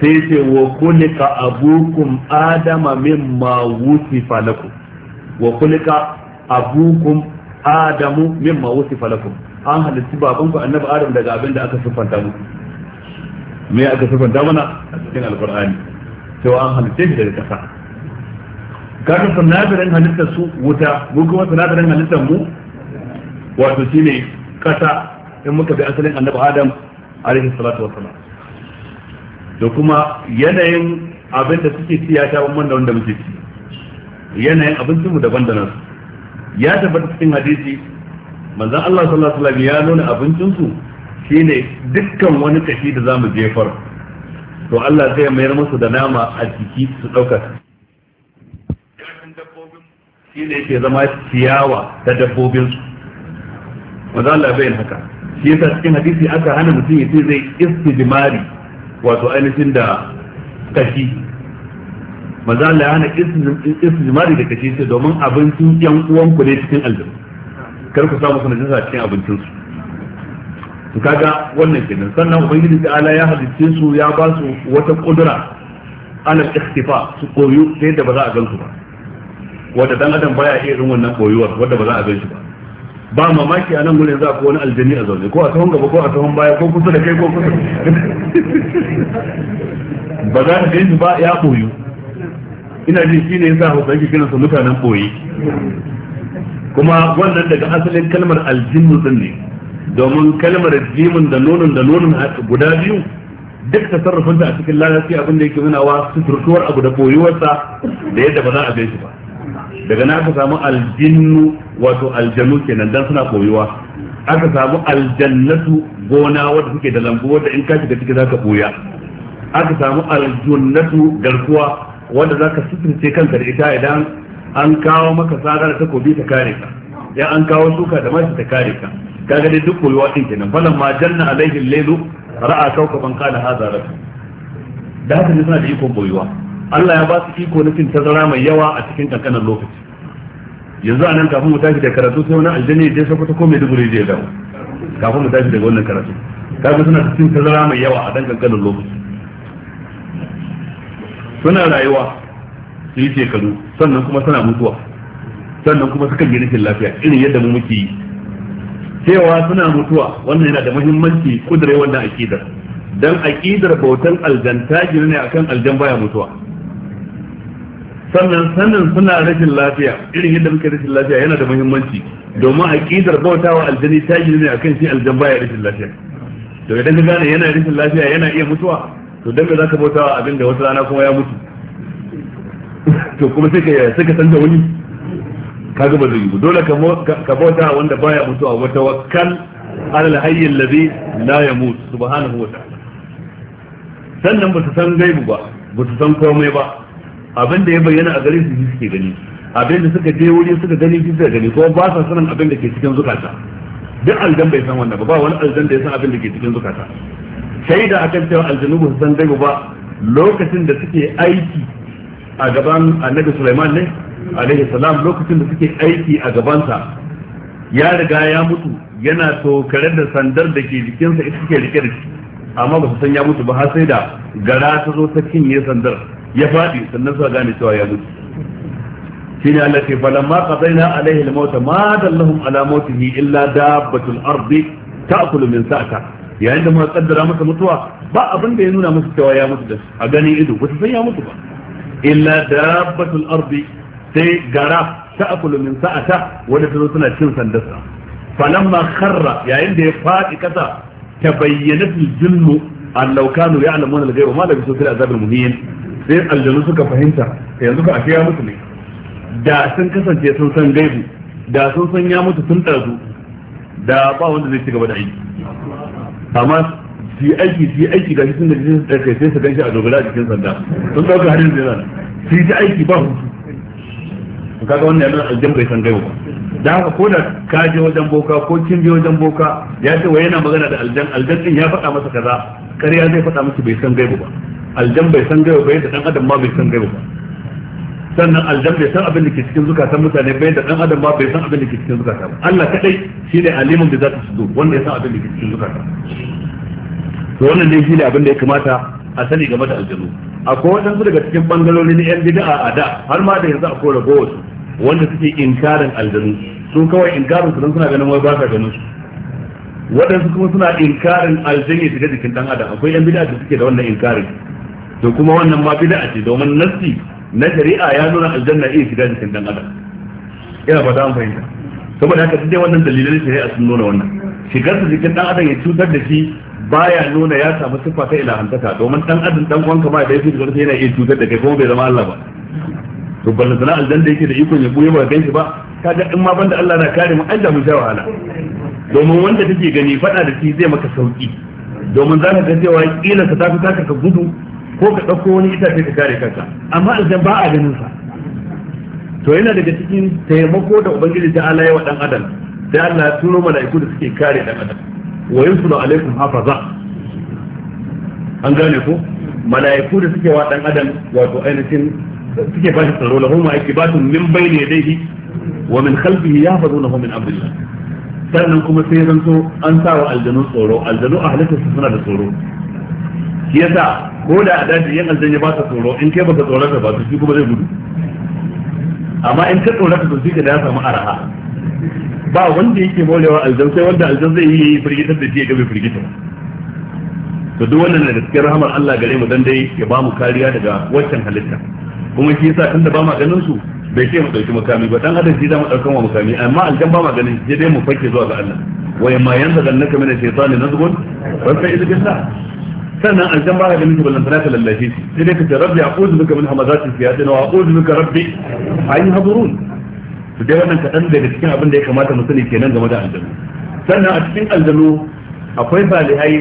Speaker 1: sai ce wa kulika abukum adama min ma wuti falaku. wa kulika abukum adamu min ma wuti falaku. an halitta babanku ku annabi adam daga abin da aka siffanta mu me aka siffanta mana a cikin alqur'ani cewa an halitta shi daga kasa kaga sanadarin halittar su wuta mu kuma sanadarin halittar mu wato shine kasa in muka bi asalin annabi adam alaihi salatu wassalam da kuma yanayin abin da suke ci ya sha da wanda muke ci yanayin abincinmu daban da nasu ya tabbata cikin hadisi manzon Allah sallallahu alaihi wasallam ya nuna abincin su shine dukkan wani kashi da zamu jefar to Allah zai mayar musu da nama a jiki su dauka shine ke zama ciyawa dabbobin su manzo Allah bayin haka shi yasa cikin hadisi aka hana mutum ya ce zai istijmari wato ainihin da kashi manzo Allah ya hana istijmari da kashi sai domin abincin yan uwan ku ne cikin aljanna kar ku samu sanadin sa cikin abincin su to kaga wannan kenan sannan ubangiji ta ala ya halicce su ya ba su wata kudura ala ikhtifa su koyo sai da ba za a gansu ba wanda dan adam baya iya irin wannan koyuwar wanda ba za a gansu ba ba mamaki a nan gudun za ku wani aljani a zaune ko a tahon gaba ko a tahon baya ko kusa da kai ko kusa ba za ka gani ba ya boyu ina jin ya sa Hausa yake kiransa mutanen boye kuma wannan daga asalin kalmar aljinnu din ne domin kalmar jimin da nonon da nonon guda biyu duk tasarrufinta a cikin lalaci abin da yake nunawa suturtuwar abu da koyuwarsa da yadda ba za a gaishe ba daga na aka samu aljinnu wato aljanu kenan dan suna koyuwa aka samu aljannatu gona wadda suke da lambu wadda in ka shiga ciki zaka koya aka samu aljunnatu garkuwa wadda zaka sutunce kanka da ita idan an kawo maka sara da takobi ta kare ka idan an kawo shuka da mashi ta kare ka kaga dai duk koyuwa din kenan falan ma janna alaihi lailu ra'a kawkaban qala hadha da haka ne suna da ikon koyuwa Allah ya ba su iko na cin tazara mai yawa a cikin kankanin lokaci yanzu a nan kafin mu tashi da karatu sai wani aljanna ya je kwata komai dubu ya dawo kafin mu tashi daga wannan karatu kafin suna cin tazara mai yawa a dan kankanin lokaci suna rayuwa su yi shekaru sannan kuma suna mutuwa sannan kuma sukan yi rashin lafiya irin yadda mu muke yi cewa suna mutuwa wannan yana da muhimmanci kudure wannan akidar dan akidar bautan aljanta ne akan aljan baya mutuwa sannan sannan suna rashin lafiya irin yadda muke rashin lafiya yana da muhimmanci domin aqidar bautawa aljani ta yi ne akan shi aljan baya rashin lafiya to idan ka gane yana rashin lafiya yana iya mutuwa to dan me zaka bautawa abin da wata rana kuma ya mutu to kuma sai ka sai ka san wani kaga ba zai yi dole ka bauta wanda baya mutuwa wa tawakkal alal hayy alladhi la yamut subhanahu wa ta'ala sannan ba su san gaibu ba ba su san komai ba abin da ya bayyana a gare su suke gani abin da suka je wuri suka gani shi suka gani ko ba sa sanin abin da ke cikin zukata duk aljan bai san wannan ba ba wani aljan da ya san abin da ke cikin zukata sai da akan cewa aljanu ba su san gaibu ba lokacin da suke aiki a gaban annabi Sulaiman ne alaihi salam lokacin da suke aiki a gabansa ya riga ya mutu yana tokare da sandar da ke jikinsa ita suke rike da shi amma ba su san ya mutu ba har sai da gara ta zo ta cinye sandar ya fadi sannan suka gane cewa ya mutu shine Allah ce falamma qadaina alaihi al-maut ma dallahum ala mautihi illa dabbatul ardi ta'kulu min sa'ata yayin da muka kaddara masa mutuwa ba abin da ya nuna masa cewa ya mutu da a ganin ido wata san ya mutu ba illa dabbatul ardi sai gara ta'kulu min sa'ata wanda tazo tana cin sandarsa falamma kharra yayin da ya fadi kasa tabayyanat al-julmu an law kanu ya'lamuna al-ghayba ma labisu fil azab al-muhin sai aljanu suka fahimta da yanzu ka ashe ya mutu ne da sun kasance sun san gaibu da sun san ya mutu sun ɗazu da ba wanda zai ci gaba da aiki amma su yi aiki su yi aiki ga shi sun da jikin kai sai su gan shi a dogara a jikin sanda sun ɗauka harin zai nan su yi aiki ba hutu kaga wannan yana aljan bai san gaibu ba da haka ko da ka je wajen boka ko kin je wajen boka ya ce wai yana magana da aljan aljan din ya faɗa masa kaza ƙarya zai faɗa masa bai san gaibu ba aljan bai san gaiwa bai da dan adam ma bai san gaiwa sannan aljan bai san abin da ke cikin zukata mutane bai da dan adam ma bai san abin da ke cikin zukata ba Allah kadai shi ne alimin da za ta sudur wanda ya san abin da ke cikin zukata to wannan ne shi ne abin da ya kamata a sani game da aljanu akwai waɗansu daga cikin bangaloli na yan bid'a a da har ma da yanzu akwai ragowar wanda suke inkarin aljanu sun kawai inkarin su suna ganin wai ba sa ganin su waɗansu kuma suna inkarin aljan ya shiga jikin ɗan adam akwai yan bid'a da suke da wannan inkarin to kuma wannan ma bid'a ce domin nassi na shari'a ya nuna aljanna iya shiga jikin dan adam ina fata an fahimta saboda haka dai wannan dalilan shari'a sun nuna wannan shigar su jikin dan adam ya cutar da shi baya nuna ya samu siffa ta ilahantaka domin dan adam dan uwanka ba da yake da yana iya cutar da kai kuma bai zama Allah ba to balla sana aljanna yake da ikon ya buye ba ganshi ba kaga in ma banda Allah na kare mu Allah mu sha wahala domin wanda take gani fada da shi zai maka sauki domin za ka ga cewa kila ka tafi taka ka gudu ko ka ɗauko wani itace ka kare kanka amma aljan ba a ganin sa to yana daga cikin taimako da ubangiji ta ala wa dan adam da Allah ya turo mala'iku da suke kare dan adam wa yunsulu alaikum hafaza an gane ko mala'iku da suke wa dan adam wato ainihin suke ba shi tsaro ba ma'ikibatun min bayni yadayhi wa min khalfihi yahfazunahu min amrillah sannan kuma sai zanto an sa wa aljanu tsoro aljanu a halittarsu suna da tsoro shi yasa ko da a daji yan aljanna ba ta tsoro in kai baka tsorata ba to shi kuma zai gudu amma in ka tsorata to shi ka da ya samu araha ba wanda yake morewa aljan sai wanda aljan zai yi firgitar da shi ya gabe firgitar to duk wannan da cikin rahamar Allah gare mu dan dai ya ba mu kariya daga waccan halitta kuma shi yasa tunda ba ma ganin su bai ce mu dauki makami ba dan adam shi da mu daukan wa makami amma aljan ba ma ganin shi dai mu fake zuwa ga Allah wa yamma yanzaga annaka min ash-shaytani nazghun fa sai idza sannan an san baya ganin ballan sana ta lallace shi sai dai ka ce rabbi a'udhu bika min hamazatin shayatin wa a'udhu bika rabbi an yahdurun to dai wannan kadan daga cikin abin da ya kamata mu sani kenan game da aljanu sannan a cikin aljanu akwai salihai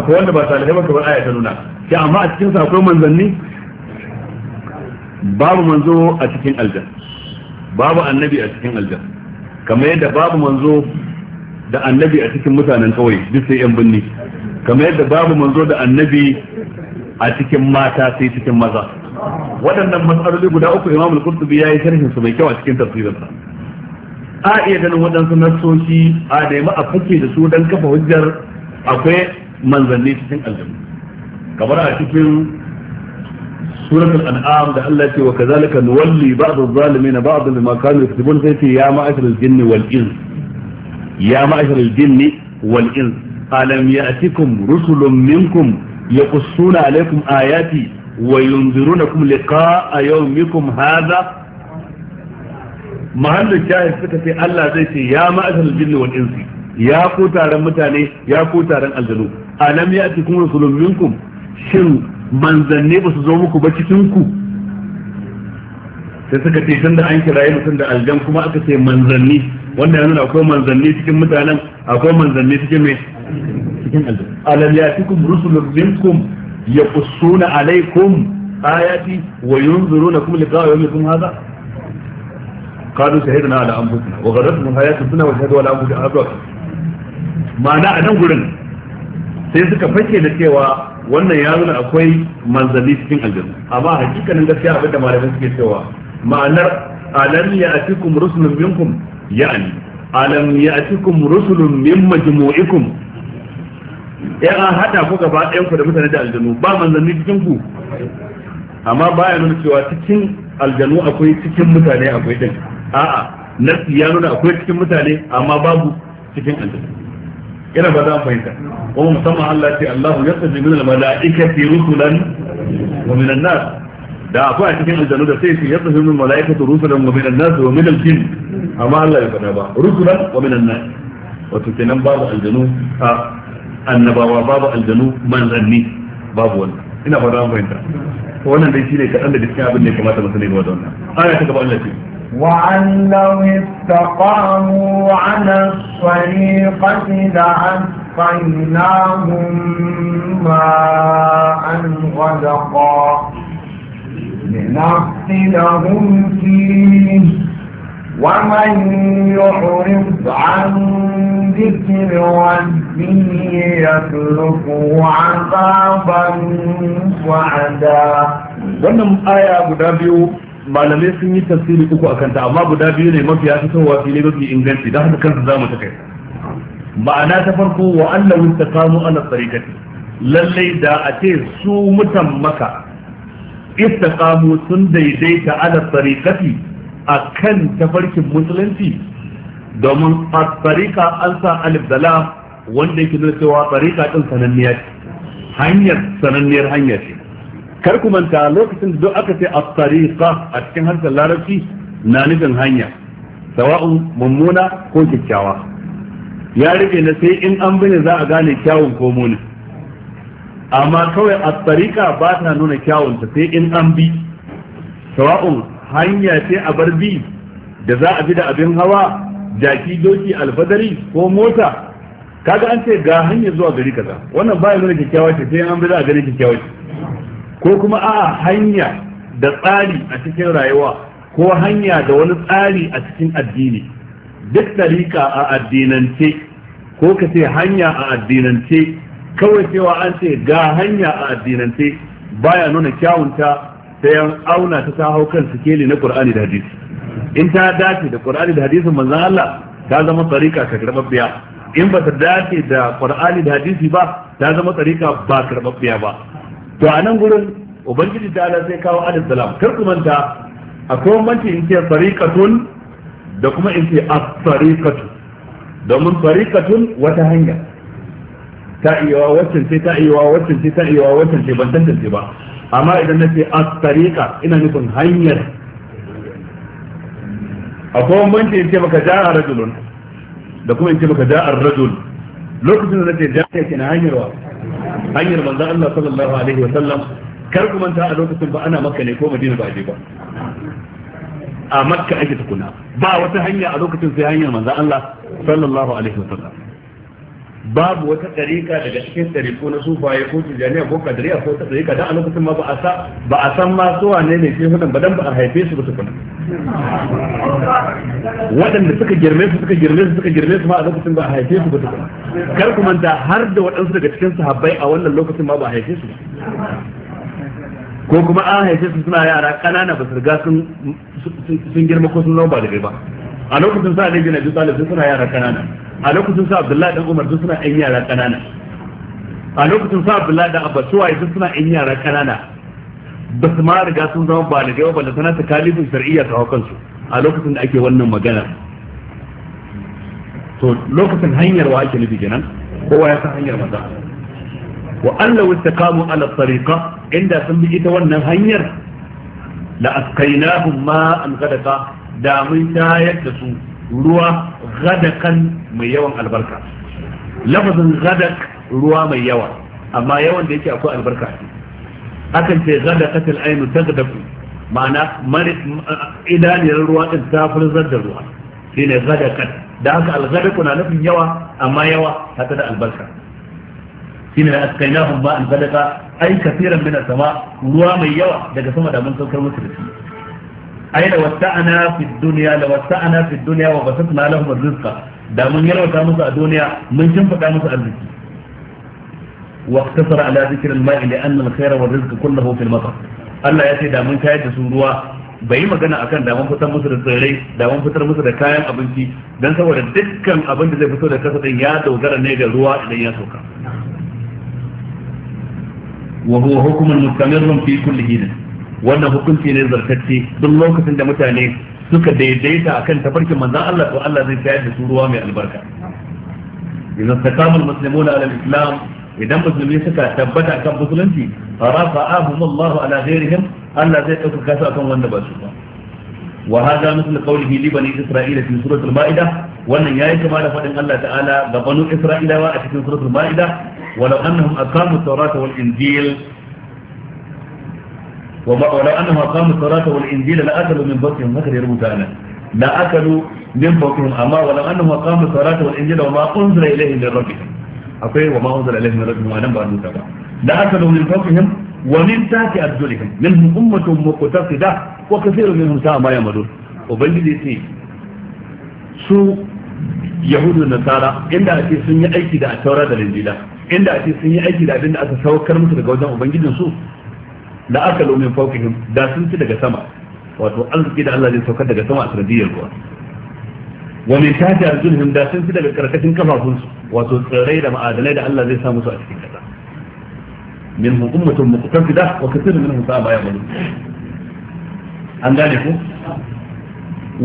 Speaker 1: akwai wanda ba salihai ba kamar aya ta nuna sai amma a cikin sa akwai manzanni babu manzo a cikin aljan babu annabi a cikin aljan kamar yadda babu manzo da annabi a cikin mutanen kawai duk sai yan binni kamar yadda babu manzo da annabi a cikin mata sai cikin maza waɗannan matsaloli guda uku imam al-qurtubi yayi sharhin su mai kyau a cikin tafsirin sa a iya ganin waɗansu nasoshi a da yamma a fuke da su dan kafa hujjar akwai manzanni cikin aljanna kamar a cikin سورة الأنعام ده الله يقول وكذلك نولي بعض الظالمين بعض بما كانوا يكتبون فيه يا معشر الجن والإنس يا معشر الجن والإنس alam ya'tikum rusulun minkum yaqussuna alaikum ayati wa yunzirunakum liqa'a yawmikum hadha mahallu shahid suka ce Allah zai ce ya ma'asal jinni wal insi ya ku taron mutane ya ku taron aljanu alam ya'tikum rusulun minkum shin manzanni ba su zo muku ba cikin ku sai suka ce da an kira kiraye mutum da aljan kuma aka ce manzanni wanda ya nuna akwai manzanni cikin mutanen akwai manzanni cikin mai cikin aljan alam yatikum rusulun minkum yaqussuna alaykum ayati wa kuma haza? yunzirunakum liqa'a na hadha قالوا Wa على انفسنا وغرتهم suna الدنيا وشهدوا على انفسهم ابرك ma'ana a nan gurin sai suka fake da cewa wannan ya nuna akwai manzanni cikin aljanna amma hakikanin gaskiya abinda malamai suke cewa ma'anar alam ya'tikum rusulun minkum ya'ni alam ya'tikum rusulun min majmu'ikum ya an hada ku gaba ɗayan ku da mutane da aljanu ba manzanni cikin ku amma baya nuna cewa cikin aljanu akwai cikin mutane akwai din a'a na ya nuna akwai cikin mutane amma babu cikin aljanu ina ba za mu fahimta kuma musamman Allah ce Allah ya tsaji min al-mala'ikati rusulan wa min an-nas da akwai a cikin aljanu da sai su yi tsafi min mala'ikatu rusulan wa minan nas wa minal jin amma Allah ya faɗa ba rusulan wa minan nas wato kenan babu aljanu a annabawa babu aljanu manzanni babu wannan ina faɗa an fahimta wannan dai shine kaɗan da cikin abin da ya kamata mu sani game da wannan
Speaker 2: aya ta gaba Allah ce وأن لو استقاموا على الطريقة لأسقيناهم ماء غدقا لنفتنهم فيه ومن يعرض عن ذكر ربه يسلكه عذابا وعدا wannan aya
Speaker 1: guda biyu malamai sun yi tafsiri uku a kanta amma guda biyu ne mafi ya fitowa ne mafi inganci don haka kansa za mu ta kai ma'ana ta farko wa Allah wista kamo ala tsarikati lallai da a ce su mutan maka istaqamu sun daidaita ala tariqati akan tafarkin musulunci domin a tariqa an sa alif da lam wanda yake nuna cewa tariqa din sananniya ce hanyar sananniyar hanya ce kar ku manta lokacin da duk aka ce a tariqa a cikin harshen larabci na nufin hanya sawa'un mummuna ko kyakkyawa ya rike na sai in an bane za a gane kyawun ko munin amma kawai a tsarika ba ta nuna kyawunta sai in an bi sawa'un hanya ce a bar bi da za a bi da abin hawa jaki doki alfadari ko mota kaga an ce ga hanya zuwa gari kaza wannan ba ya nuna kyakkyawa ce sai an bi za a gani kyakkyawa ce ko kuma a hanya da tsari a cikin rayuwa ko hanya da wani tsari a cikin addini duk tsarika a addinance ko ka ce hanya a addinance kawai cewa an ce ga hanya a addinance baya nuna kyawunta sai an auna ta ta hau kan sikeli na qur'ani da hadisi in ta dace da qur'ani da hadisin manzon Allah ta zama tsarika ka karbabbiya in ba ta dace da qur'ani da hadisi ba ta zama tsarika ba karbabbiya ba to a nan gurin ubangiji ta ala sai kawo adal salam kar ku manta akwai bambanci in ce tsarikatun da kuma in ce as-tsarikatu domin tsarikatun wata hanya ta iya waccan ce ta iya waccan ce ta iya waccan ce ban tantance ba amma idan na ce as ina nufin hanyar akwai bambanci in ce maka ja'a rajulun da kuma in ce maka ja'a rajul lokacin da nace ja'a kina hanyar wa hanyar manzo Allah sallallahu alaihi wa sallam kar ku manta a lokacin ba ana makka ne ko madina ba je ba a makka ake tukuna ba wata hanya a lokacin sai hanyar manzo Allah sallallahu alaihi wa sallam babu wata ɗarika daga cikin ɗariku na sufaye ko tijaniya ko kadariya ko ta ɗarika dan a lokacin ma ba a san ma suwa ne ne ke hudun ba dan ba a haife su ba su kuma waɗanda suka girme su suka girme su suka girme su ma a lokacin ba a haife su ba su kuma kar kuma da har da waɗansu daga cikin habbai a wannan lokacin ma ba a haife su ba. ko kuma an haife su suna yara ƙanana ba su riga sun sun girma ko sun zama ba da ba a lokacin sa ne bin abi talib suna yara ƙanana a lokacin sa abdullahi dan umar duk suna yan yara ƙanana. a lokacin sa abdullahi dan abbas suwaye duk suna yan yara ƙanana. ba su ma riga sun zama baligai ba da sana ta kalifin shar'iyya ta kansu a lokacin da ake wannan magana to lokacin hanyar wa ake nufi kenan kowa ya san hanyar maza wa Allah wastaqamu ala tariqa inda sun bi ita wannan hanyar la askainahum an ghadqa da mun tayar da su ruwa gadakan mai yawan albarka lafazin gadak ruwa mai yawa amma yawan da yake akwai albarka akan ce gadakatul ainu tagdaku ma'ana idaniyar ruwa din ta furzar da ruwa shine gadakan da haka algadaku na nufin yawa amma yawa haka da albarka shi ne shine askainahum ba'an sadaka ay kaseeran min as-sama ruwa mai yawa daga sama da mun saukar musu da shi ai da wasa'ana fi da la wasa'ana fi dunya wa basatna lahum rizqa da mun yalwata musu a duniya mun shimfida musu arziki wa iktasara ala dhikri al-ma'i li anna al-khayra wa rizqa kulluhu fi al-matar Allah ya ce da mun kayar da su ruwa bai magana akan da mun fitar musu da tsirrai da mun fitar musu da kayan abinci dan saboda dukkan abin da zai fito da kasa din ya dogara ne da ruwa idan ya sauka وهو حكم مستمر في كل حين wannan hukunci ne zartacce duk lokacin da mutane suka daidaita akan tafarkin manzan Allah to Allah zai tayar da su ruwa mai albarka idan taqama almuslimuna ala islam idan musulmi suka tabbata kan musulunci rafa'ahum Allah ala ghairihim Allah zai dauka su akan wanda ba su ba wa hada misl qawlihi li bani isra'ila fi surati al-ma'ida wannan yayi kama da fadin Allah ta'ala ga banu isra'ilawa a cikin suratul al-ma'ida walau annahum aqamu at-taurata wal-injil wa ma wala annahum aqamu salata wal injila la akalu min baqin haka ya rubuta nan la akalu min baqin amma wala annahum aqamu salata wal injila wa ma unzila ilayhim min rabbihim akwai wa ma unzila ilayhim min rabbihim anan ba rubuta ba la akalu min baqin wa min tati ma su yahudu da nasara inda ake sun yi aiki da taura da linjila inda ake sun yi aiki da abin da aka saukar musu daga wajen ubangijin su la akalu min fawqihim da sun ci daga sama wato arziki da Allah zai saukar daga sama a sanadiyar ruwa wa min tahti arjulihim da sun ci daga karkashin su, wato tsirrai da ma'adanai da Allah zai sa musu a cikin kasa minhum ummatun muqtasida wa kathirun minhum sa'a ma ya'malun an gane ku?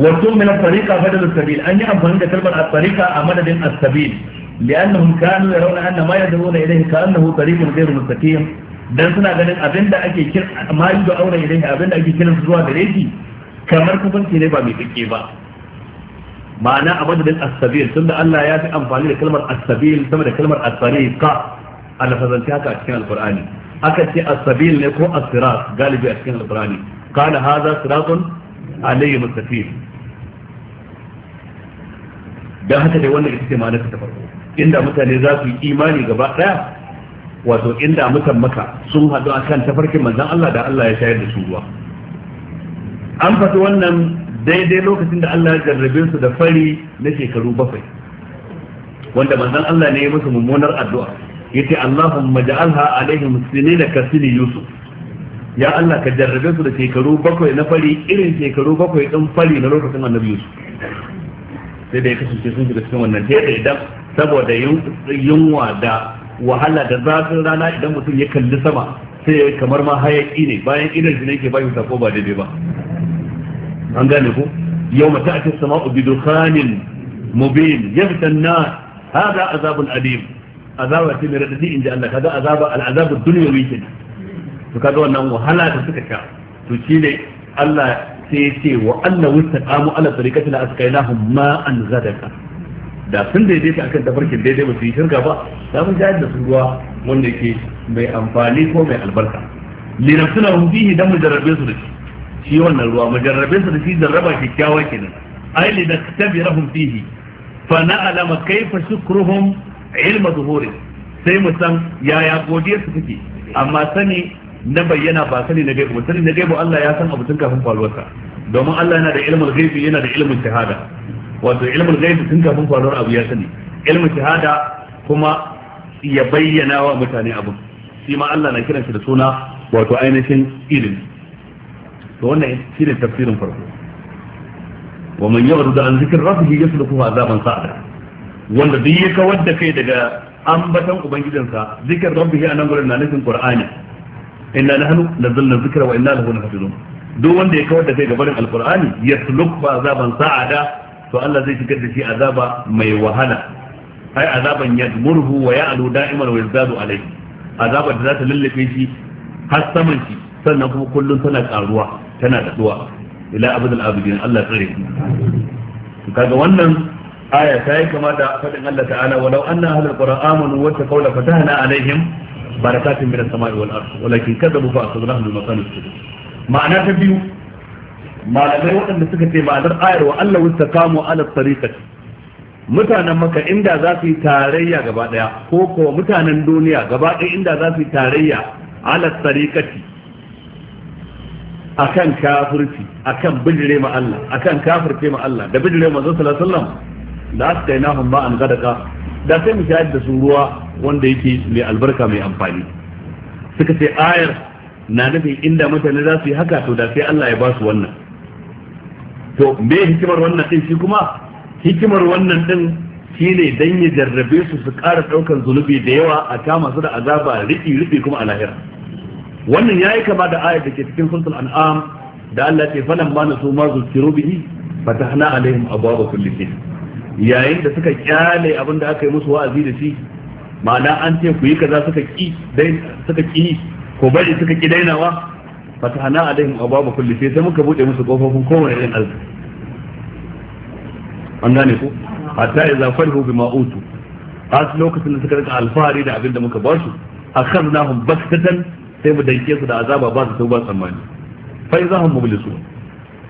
Speaker 1: wato min at-tariqa badal as-sabil an yi amfani da kalmar at-tariqa a madadin as-sabil لأنهم كانوا يرون أن ما يدعون إليه كأنه طريق غير مستقيم dan suna ganin abinda ake kira ma yi da aure idan abinda ake kiran zuwa gare shi kamar kufanci ne ba mai fike ba ma'ana a madadin as-sabil tunda Allah ya fi amfani da kalmar as-sabil sama da kalmar as-sariqa a lafazanci haka a cikin alqur'ani aka ce as-sabil ne ko as-sirat galibi a cikin alqur'ani kana hadha siratun alayhi mustaqim dan haka dai wannan ita ce ma'anar ta farko inda mutane za su yi imani gaba daya wato inda mutan maka sun haɗu kan tafarkin manzan Allah da Allah ya shayar da su ruwa an fata wannan daidai lokacin da Allah ya jarrabe su da fari na shekaru bakwai wanda manzan Allah ne ya musu mummunar addu'a yace Allahumma ja'alha alaihim sinina kasini yusuf ya Allah ka jarrabe su da shekaru bakwai na fari irin shekaru bakwai din fari na lokacin annabi Yusuf sai da ya kasance sun shiga cikin wannan teɗa idan saboda yunwa da wahala da zafin rana idan mutum ya kalli sama sai kamar ma hayaki ne bayan shi ne ke bayu ko ba daidai ba an gane ku yau mata ake sama'u bi dukhanin mubin yafta an-nas hada azabun alim azaba ce mai in ji Allah kaga azaba al duniya wikin to kaga wannan wahala da suka sha to ne Allah sai ya ce wa annahu istaqamu ala tariqati a askainahum ma'an zadaka da sun daidaita akan tafarkin daidai ba su yi shirka ba za mu jayar da su ruwa wanda yake mai amfani ko mai albarka liran suna fihi dan mu jarrabe su da shi shi wannan ruwa mu jarrabe su da shi jarraba kikkiawa kenan ai li naktabirahum fihi fa alama kayfa shukruhum ilma zuhuri sai mu san yaya godiyar su take amma sani na bayyana ba sani na gaibu sani na gaibu Allah ya san abu tun kafin faruwarsa domin Allah yana da ilmin gaibi yana da ilmin shahada wato ilmin gaibi tun kafin faruwar abu ya sani ilmin shahada kuma ya bayyana wa mutane abu shi ma Allah na kiransa da suna wato ainihin ilimi to wannan shi ne tafsirin farko wa man ya'rudu an zikr rabbih yasluku azaban sa'ada wanda duk ya kawar da kai daga ambatan ubangijinsa zikr rabbih anan gurin na nufin qur'ani inna nahnu nazzalna dhikra wa inna lahu lahafizun duk wanda ya kawar da kai gaban alqur'ani yasluku azaban sa'ada to Allah zai shigar da shi azaba mai wahala ai azaban yadmurhu wa ya'lu da'iman wa yazdadu alayhi azaba da za ta lallafe shi har saman shi sannan kuma kullun tana karuwa tana daduwa ila abdul abidin Allah tsare ku kaga wannan aya ta yi kama da faɗin Allah ta'ala walau anna ahlul qura amanu wa taqaw la fatahna alaihim barakatin minas sama'i wal ard walakin kadzabu fa akhadnahum bima kanu yasrun ma'ana ta biyu malamai waɗanda suka ce ma'anar ayar wa Allah wusta kamo ala tariqati mutanen maka inda za su yi tarayya gaba daya ko ko mutanen duniya gaba daya inda za su yi tarayya ala tariqati akan kafirci akan bijire ma Allah akan kafirce ma Allah da bijire ma sallallahu alaihi wasallam da aka kai nahum ba an gadaka da sai mu shayar da su ruwa wanda yake mai albarka mai amfani suka ce ayar na nufin inda mutane za su yi haka to da sai Allah ya ba su wannan to me hikimar wannan din shi kuma hikimar wannan din shine dan ya jarrabe su su ƙara ɗaukar zunubi da yawa a kama su da azaba riki riki kuma a lahira wannan yayi kama da ayat da ke cikin suratul an'am da Allah ke falan ma su ma zukiru bihi fatahna alaihim abwaaba kulli shay yayin da suka kyale abin da aka yi musu wa'azi da shi ma'ana an ce ku yi kaza suka ki dai suka ki ko bari suka ki dainawa fatahna alaihim ababa kulli sai muka bude musu kofofin kowane irin arziki an gane ku hatta idza farihu bima utu har lokacin da suka rika alfahari da abin da muka ba su akhadnahum baktatan sai mu danke su da azaba ba su tauba tsammani fa idza hum mublisun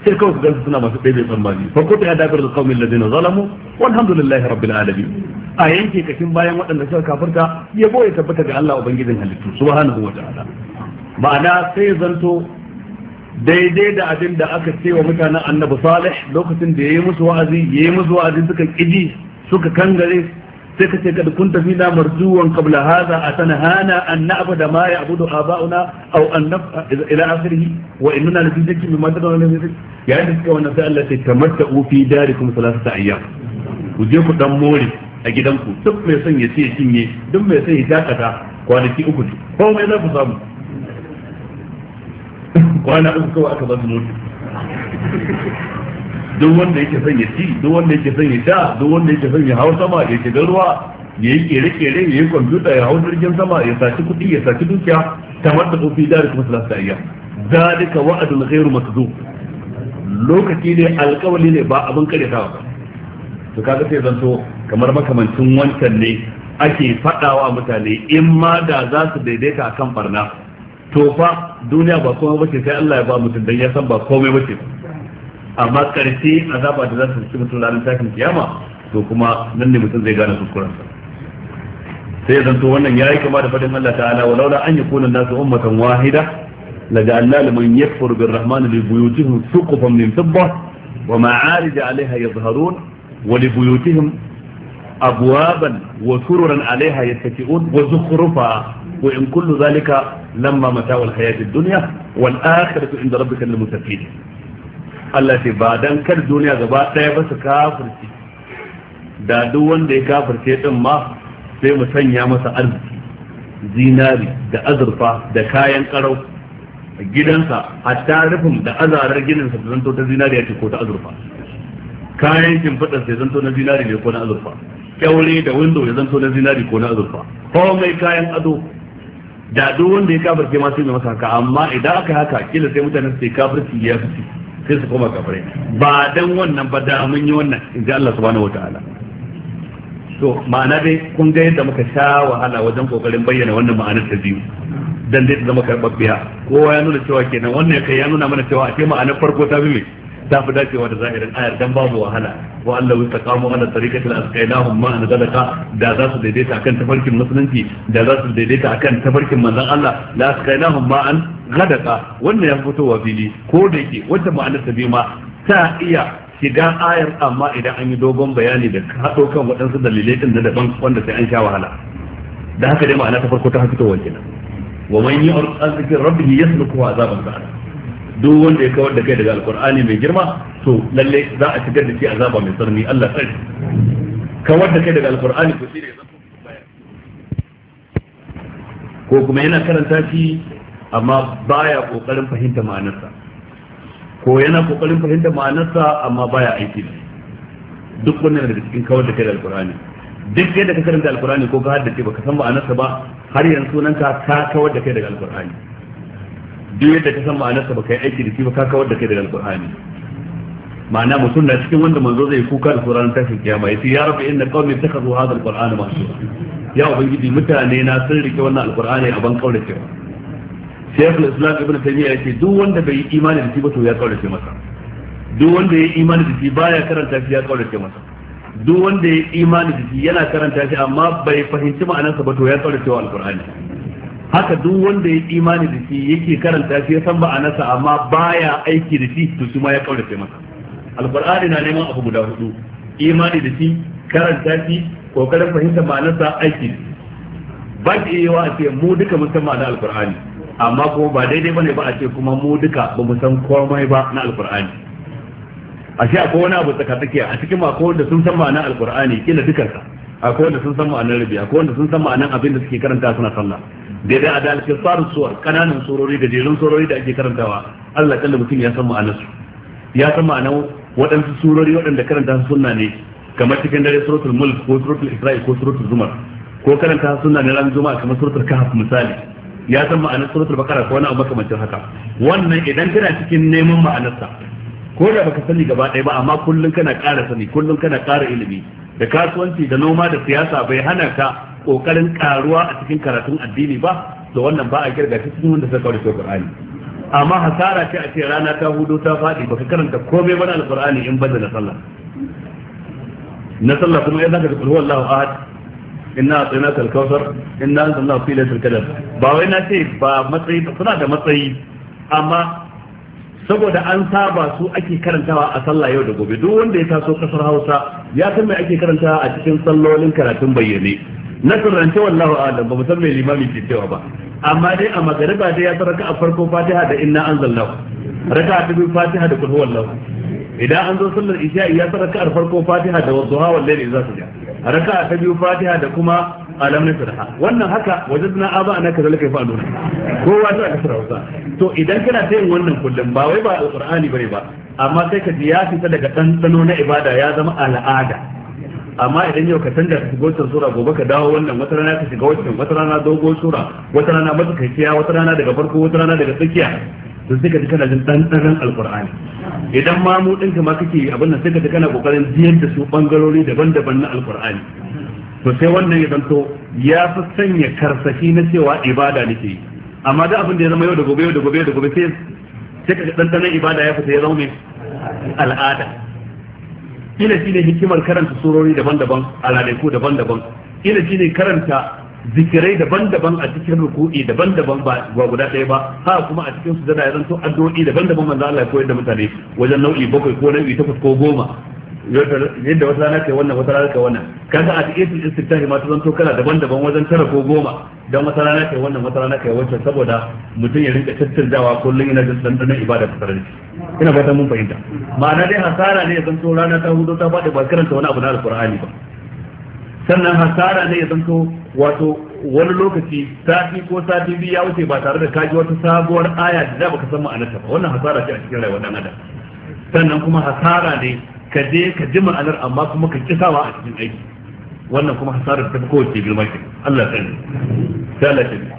Speaker 1: sai kawai gansu suna masu ɗebe tsammani fa kuta ya dakar da kaumin ladina zalamu walhamdulillahi rabbil alamin a yanke kashin bayan waɗanda suka kafirta yabo ya tabbata ga Allah ubangijin halittu subhanahu wa ta'ala ma'ana sai zanto daidai da abin da aka ce wa mutanen annabi salih lokacin da yayi musu wa'azi yayi musu wa'azi suka kiji suka kangare sai ka ce kad tafi fina marjuwan qabla hadha atanahana an na'budu ma ya'budu aba'una aw an ila akhirih wa inna la tuzakki mimma tadawna min ya da suka wannan sai Allah ya u fi darikum salasata ayyam ku je ku dan mori a gidanku duk mai son ya ce cinye duk mai son ya dakata kwanaki uku ko mai za ku samu kwana uku kawai aka ba su mota duk wanda yake son ya ci duk wanda yake son ya sha duk wanda yake son ya hau sama ya shiga ruwa ya yi kere-kere ya yi kwamfuta ya hau jirgin sama ya saci kuɗi ya saci dukiya ta mata kofi da kuma salasta iya wa'adun wa'adul masu zo lokaci ne alƙawali ne ba abin kare ta ba to kaga sai zanto kamar makamancin wancan ne ake faɗawa mutane in ma da za su daidaita akan barna to fa duniya ba komai bace sai Allah ya ba mutum dan ya san ba komai bace amma karshe azaba da zata su ci mutum ranar tashin kiyama to kuma nan ne mutum zai gane kuskurensa sai zan to wannan yayi kama da fadin Allah ta'ala wa laula an yakuna nasu ummatan wahida la ja'alna liman yakfur bir rahman li buyutihim suqufan min fidda wa ma'arij 'alayha yadhharun wa li buyutihim abwaban wa sururan 'alayha yattaki'un wa zukhrufa wa in kullu zalika lamma mata'ul hayatid dunya wal akhiratu inda rabbika lil muttaqin Allah ce ba dan kar duniya gaba daya ba su kafirci da duk wanda ya kafirce din ma sai mu sanya masa arziki zinari da azurfa da kayan karau gidansa hatta rufin da azarar gininsa da zanto ta zinariya ce ko ta azurfa kayan shimfiɗar sai zanto na zinari ne ko na azurfa kyaure da windo ya zanto na zinari ko na azurfa komai kayan ado da duk wanda ya kafirce ma sai yi masa haka amma idan aka haka kila sai mutane su kafirci ya fi sai su koma kafirai ba dan wannan ba da mun yi wannan in ji Allah subhanahu wataala to ma'ana dai kun ga yadda muka sha wahala wajen kokarin bayyana wannan ma'anar ta biyu dan dai ta zama karɓaɓɓiya kowa ya nuna cewa kenan wannan ya kai ya nuna mana cewa a ce ma'anar farko ta bi mai ta fi dacewa da zahirin ayar dan babu wahala wa Allah wista kamo ala tariqatil asqainahum ma anzalaka da za su daidaita akan tafarkin musulunci da za su daidaita akan tafarkin manzon Allah la asqainahum ma an gadaka wannan ya fito wa fili ko da yake wata ma'anar ta biyu ma ta iya shiga ayar amma idan an yi dogon bayani da haɗo kan waɗansu dalilai ɗin na daban wanda sai an sha wahala da haka dai ma'ana ta farko ta fito wa kenan wa man yu'rid an zikr rabbih yasluku azaban sa'ala duk wanda ya kawar da kai daga alkur'ani mai girma to lalle za a shigar da shi azaba mai tsarni Allah sai kawar da kai daga alkur'ani ko shi ne ko kuma yana karanta shi amma baya kokarin fahimta ma'anarsa ko yana kokarin fahimta ma'anarsa amma baya aiki da duk wannan daga cikin kawar da kai da alkur'ani duk yadda ka karanta alkur'ani ko ka haddace baka san ma'anarsa ba har yanzu nan ka kawar da kai daga alkur'ani duk yadda ka san ma'anarsa ba kai aiki da shi ba ka kawar da kai daga alqur'ani ma'ana mutum na cikin wanda manzo zai kuka da tsoron tashin kiyama yace ya rabbi inna qaumi takhadhu hadha alqur'ana mahsura ya ubangiji mutane na sun rike wannan alqur'ani a ban kaura cewa shaykh al-islam ibn taymiyyah yace duk wanda bai yi imani da shi ba to ya kaura ce masa duk wanda ya yi imani da shi baya karanta shi ya kaura ce masa duk wanda ya yi imani da shi yana karanta shi amma bai fahimci ma'anarsa ba to ya kaura cewa alqur'ani haka duk wanda ya imani da shi yake karanta shi ya san ma'anarsa amma baya aiki da shi to shi ma ya kaurace masa alqur'ani na neman abu guda hudu imani da shi karanta shi kokarin fahimta ma'anarsa aiki ba ki yawa a ce mu duka mun san ma'anar alqur'ani amma kuma ba daidai bane ba a ce kuma mu duka ba mu san komai ba na alqur'ani ashe akwai wani abu tsakatsaki a cikin akwai wanda sun san ma'anar alqur'ani kila dukansa akwai wanda sun san ma'anar rabi akwai wanda sun san ma'anar abin da suke karanta suna sallah daidai a da alkifar suwar kananan surori da jerin surori da ake karantawa Allah kalla mutum ya san ma'anar su ya san ma'anar waɗansu surori waɗanda karanta sunna ne kamar cikin dare suratul mulk ko suratul isra'i ko suratul zumar ko karanta sunna ne ran juma'a kamar suratul kahf misali ya san ma'anar suratul bakara ko wani abu makamancin haka wannan idan kana cikin neman ma'anarsa ko da baka sani gaba ɗaya ba amma kullum kana ƙara sani kullum kana ƙara ilimi da kasuwanci da noma da siyasa bai hana ka kokarin karuwa a cikin karatun addini ba da wannan ba a kirga cikin wanda suka kawo Qur'ani amma hasara ce a ce rana ta hudu ta faɗi ka karanta komai ba na qurani in banda na sallah na sallah kuma ya zaka kulhu Allahu ahad inna atayna kal kawsar inna anzalna fi laylatil qadr ba wai na ce ba matsayi suna da matsayi amma saboda an saba su ake karantawa a sallah yau da gobe duk wanda ya taso kasar Hausa ya san me ake karantawa a cikin sallolin karatun bayyane na turance wallahu alam ba san me limami ke cewa ba amma dai a magariba dai ya saraka a farko fatiha da inna anzalnahu raka ta biyu fatiha da kulhu wallahu idan an zo sallar isha ya saraka a farko fatiha da wadduha wallahi su ja. raka ta biyu fatiha da kuma alam nasraha wannan haka wajadna aba ana kazalika yafaluna kowa ta kasar hausa to idan kana ta yin wannan kullum ba wai ba alqur'ani bane ba amma sai ka ji ya fita daga ɗanɗano na ibada ya zama al'ada amma idan yau ka canza ka shiga wancan sura gobe ka dawo wannan wata rana ka shiga wancan wata rana dogon sura wata rana matsakaiciya wata rana daga farko wata rana daga tsakiya to sai ka ji kana jin ɗanɗanon alƙur'ani. idan ma mu ɗinka ma kake abin nan sai ka ji kana kokarin jiyar da su bangarori daban-daban na alƙur'ani to sai wannan ya zanto ya fi sanya karsashi na cewa ibada nake yi amma da abin da ya zama yau da gobe yau da gobe yau da gobe sai sai ka ɗanɗanon ibada ya fita ya zaune al'ada ina shine hikimar karanta surori daban-daban a ranaku daban-daban ina shine karanta zikirai daban-daban a cikin ruku'i daban-daban ba guda ɗaya ba ha kuma a cikin sujada ya zanto addu'o'i daban-daban manzo Allah ya koyar da mutane wajen nau'i bakwai ko nau'i takwas ko goma yadda wata rana kai wannan wata rana yi wannan kaga a cikin istiftahi ma ta zanto kana daban-daban wajen tara ko goma don wata rana kai wannan wata rana kai wancan saboda mutum ya rinka tattandawa kullum yana jin na ibada ta sarari ina ba ta mun fahimta ma'ana dai hasara ne ya zanto rana ta hudu ta faɗi ba karanta wani abu na alqur'ani ba sannan hasara ne ya zanto wato wani lokaci sati ko sati biyu ya wuce ba tare da kaji wata sabuwar aya da ba ka san ma'anarta ba wannan hasara ce a cikin rayuwar dan adam sannan kuma hasara ne kaje ka ji ma'anar amma kuma ka kisa ma a cikin aiki wannan kuma hasarar ta fi kowace girma ce Allah sani sai Allah sani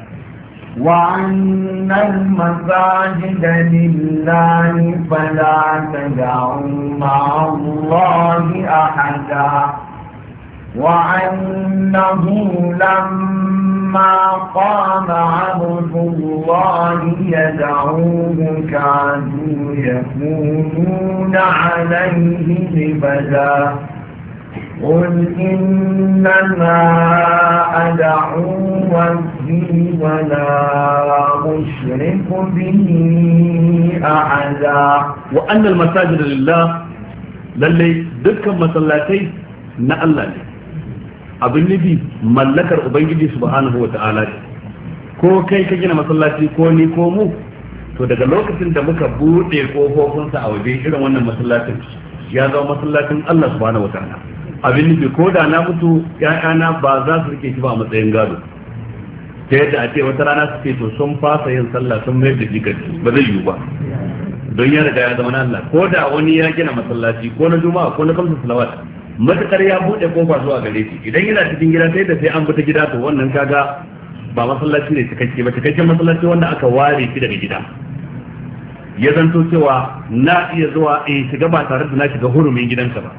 Speaker 2: وأن lillahi fala فلا تدعوا مع الله أحدا وأنه لما قام عبد الله يدعوه كانوا يكونون عليه لبدا قل إنما أدعو ربي ولا أشرك به أحدا
Speaker 1: وأن المساجد لله للي دكا مسلاتي na abin nufi mallakar ubangiji subhanahu wa ta'ala ko kai ka gina masallaci ko ni ko mu to daga lokacin da muka bude kofofinsa a waje irin wannan masallacin ya zama masallacin Allah subhanahu wa ta'ala abin nufi ko da na mutu ƴaƴana ba za su rike shi ba a matsayin gado ta yadda a ce wata rana su ce to sun fasa yin sallah sun mai da jikar ba zai yiwu ba don ya riga ya zama na Allah ko da wani ya gina masallaci ko na juma'a ko na kamsa salawat matukar ya bude kofa zuwa gare shi idan yana cikin gida sai da sai an fita gida to wannan kaga ba masallaci ne cikakke ba cikakken masallaci wanda aka ware shi daga gida ya zanto cewa na iya zuwa in shiga ba tare da na shiga hurumin gidansa ba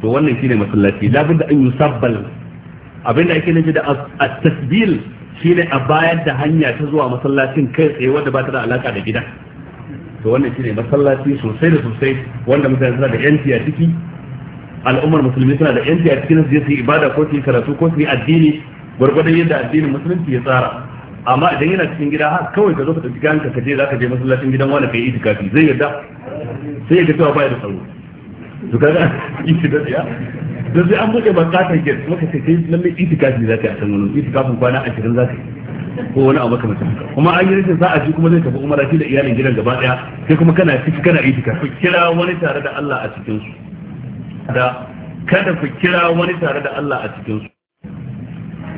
Speaker 1: to wannan shine masallaci labin da an yi sabbal abinda ake nufi da at-tasbil shine a bayar da hanya ta zuwa masallacin kai tsaye wanda ba ta da alaka da gidan to wannan shine masallaci sosai da sosai wanda mutane suna da yanci a ciki al'ummar musulmi suna da yanci a cikin su yi ibada ko su yi karatu ko su yi addini gwargwadon yadda addinin musulunci ya tsara amma idan yana cikin gida ha kawai ka zo ka tafi gidanka ka je za ka je masallacin gidan wani ka yi itikafi zai yarda sai ya ga cewa baya da tsaro to kaga itikafi ya da sai an buɗe bakatan gate kuma ka sai lalle itikafi za ka yi a can wani itikafin kwana ashirin za ka
Speaker 3: yi
Speaker 1: ko wani abu kamar haka kuma an yi rashin sa'a shi kuma zai tafi umara shi da iyalin gidan gaba daya sai kuma kana ciki kana itika kira wani tare da Allah a cikin su da kada ku kira wani tare da Allah a cikin su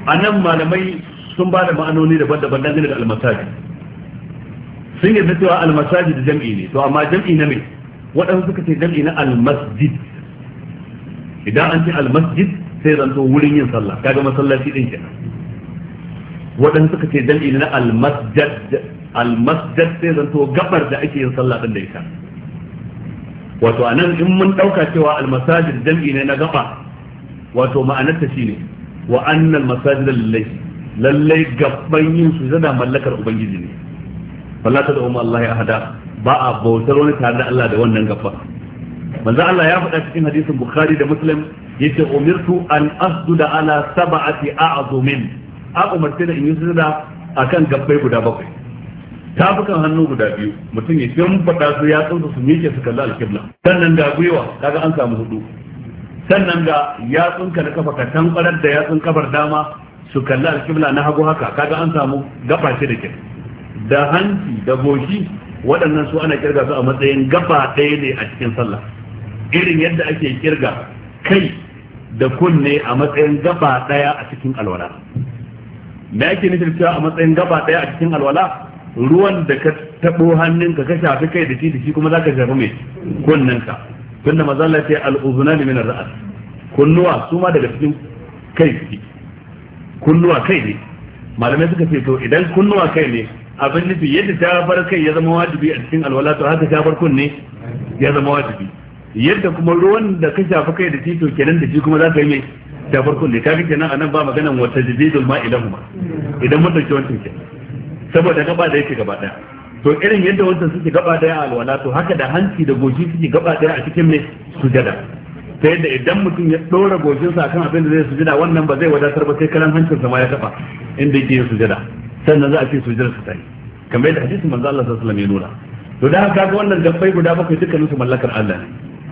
Speaker 1: a nan malamai sun ba da ma'anoni daban-daban dangane da almasaji sun yi cewa almasaji da jam'i ne to amma jam'i na me waɗansu suka ce jam'i na almasjid idan an ce almasjid sai zanto wurin yin sallah kaga masallaci ɗin kenan waɗansu suka ce jam'i na almasjad almasjad sai zanto gabar da ake yin sallah ɗin da ita wato anan in mun ɗauka cewa almasajid jam'i ne na gaba wato ma'anarta shine wa annal masajida lallai, lallai gaban yin su zana mallakar ubangiji ne Allah ta da'uma Allah ya hada ba a bautar wani tare da Allah da wannan gaba manzo Allah ya faɗa cikin hadisin Bukhari da Muslim yace umirtu an asjuda ala sab'ati a'zumin a umarce da in yi sujada akan gabbai guda bakwai tafukan hannu guda biyu mutum ya faɗa su ya tsunsa su miƙe su kalli alƙibla sannan ga gwiwa kaga an samu hudu sannan da yatsunka na kafa ka tankwarar da yatsun kafar dama su kalli alƙibla na hagu haka kaga an samu gaba ce da ke da hanci da goshi waɗannan su ana kirga su a matsayin gaba ɗaya ne a cikin sallah irin yadda ake kirga kai da kunne a matsayin gaba ɗaya a cikin alwala me ake nufin cewa a matsayin gaba ɗaya a cikin alwala ruwan da ka tabo hannunka ka shafi kai da shi da shi kuma zaka shafi mai kunnanka tunda maza Allah ya al-uzunani min ar-ra's kunnuwa su ma daga cikin kai kunnuwa kai ne malamai suka ce to idan kunnuwa kai ne abin nufi yadda shafar kai ya zama wajibi a cikin alwala to haka shafar kunne ya zama wajibi yadda kuma ruwan da ka shafa kai da tito kenan da shi kuma za ka yi mai shafar kunne ta fi kenan a nan ba maganan wata jibidul ma ilahuma idan mun dauki wancan kenan saboda gaba da yake gaba daya to irin yadda wancan suke gaba daya a alwala to haka da hanci da goshi suke gaba daya a cikin mai sujada ta yadda idan mutum ya dora goshinsa akan abin da zai sujada wannan ba zai wadatar ba sai kalan hancinsa ma ya taba inda yake yin sujada sannan za a ce sujada su tayi kamar yadda hadisin manzo Allah sallallahu alaihi wasallam ya nuna to da haka ga wannan gabbai guda bakwai dukkanin su mallakar Allah ne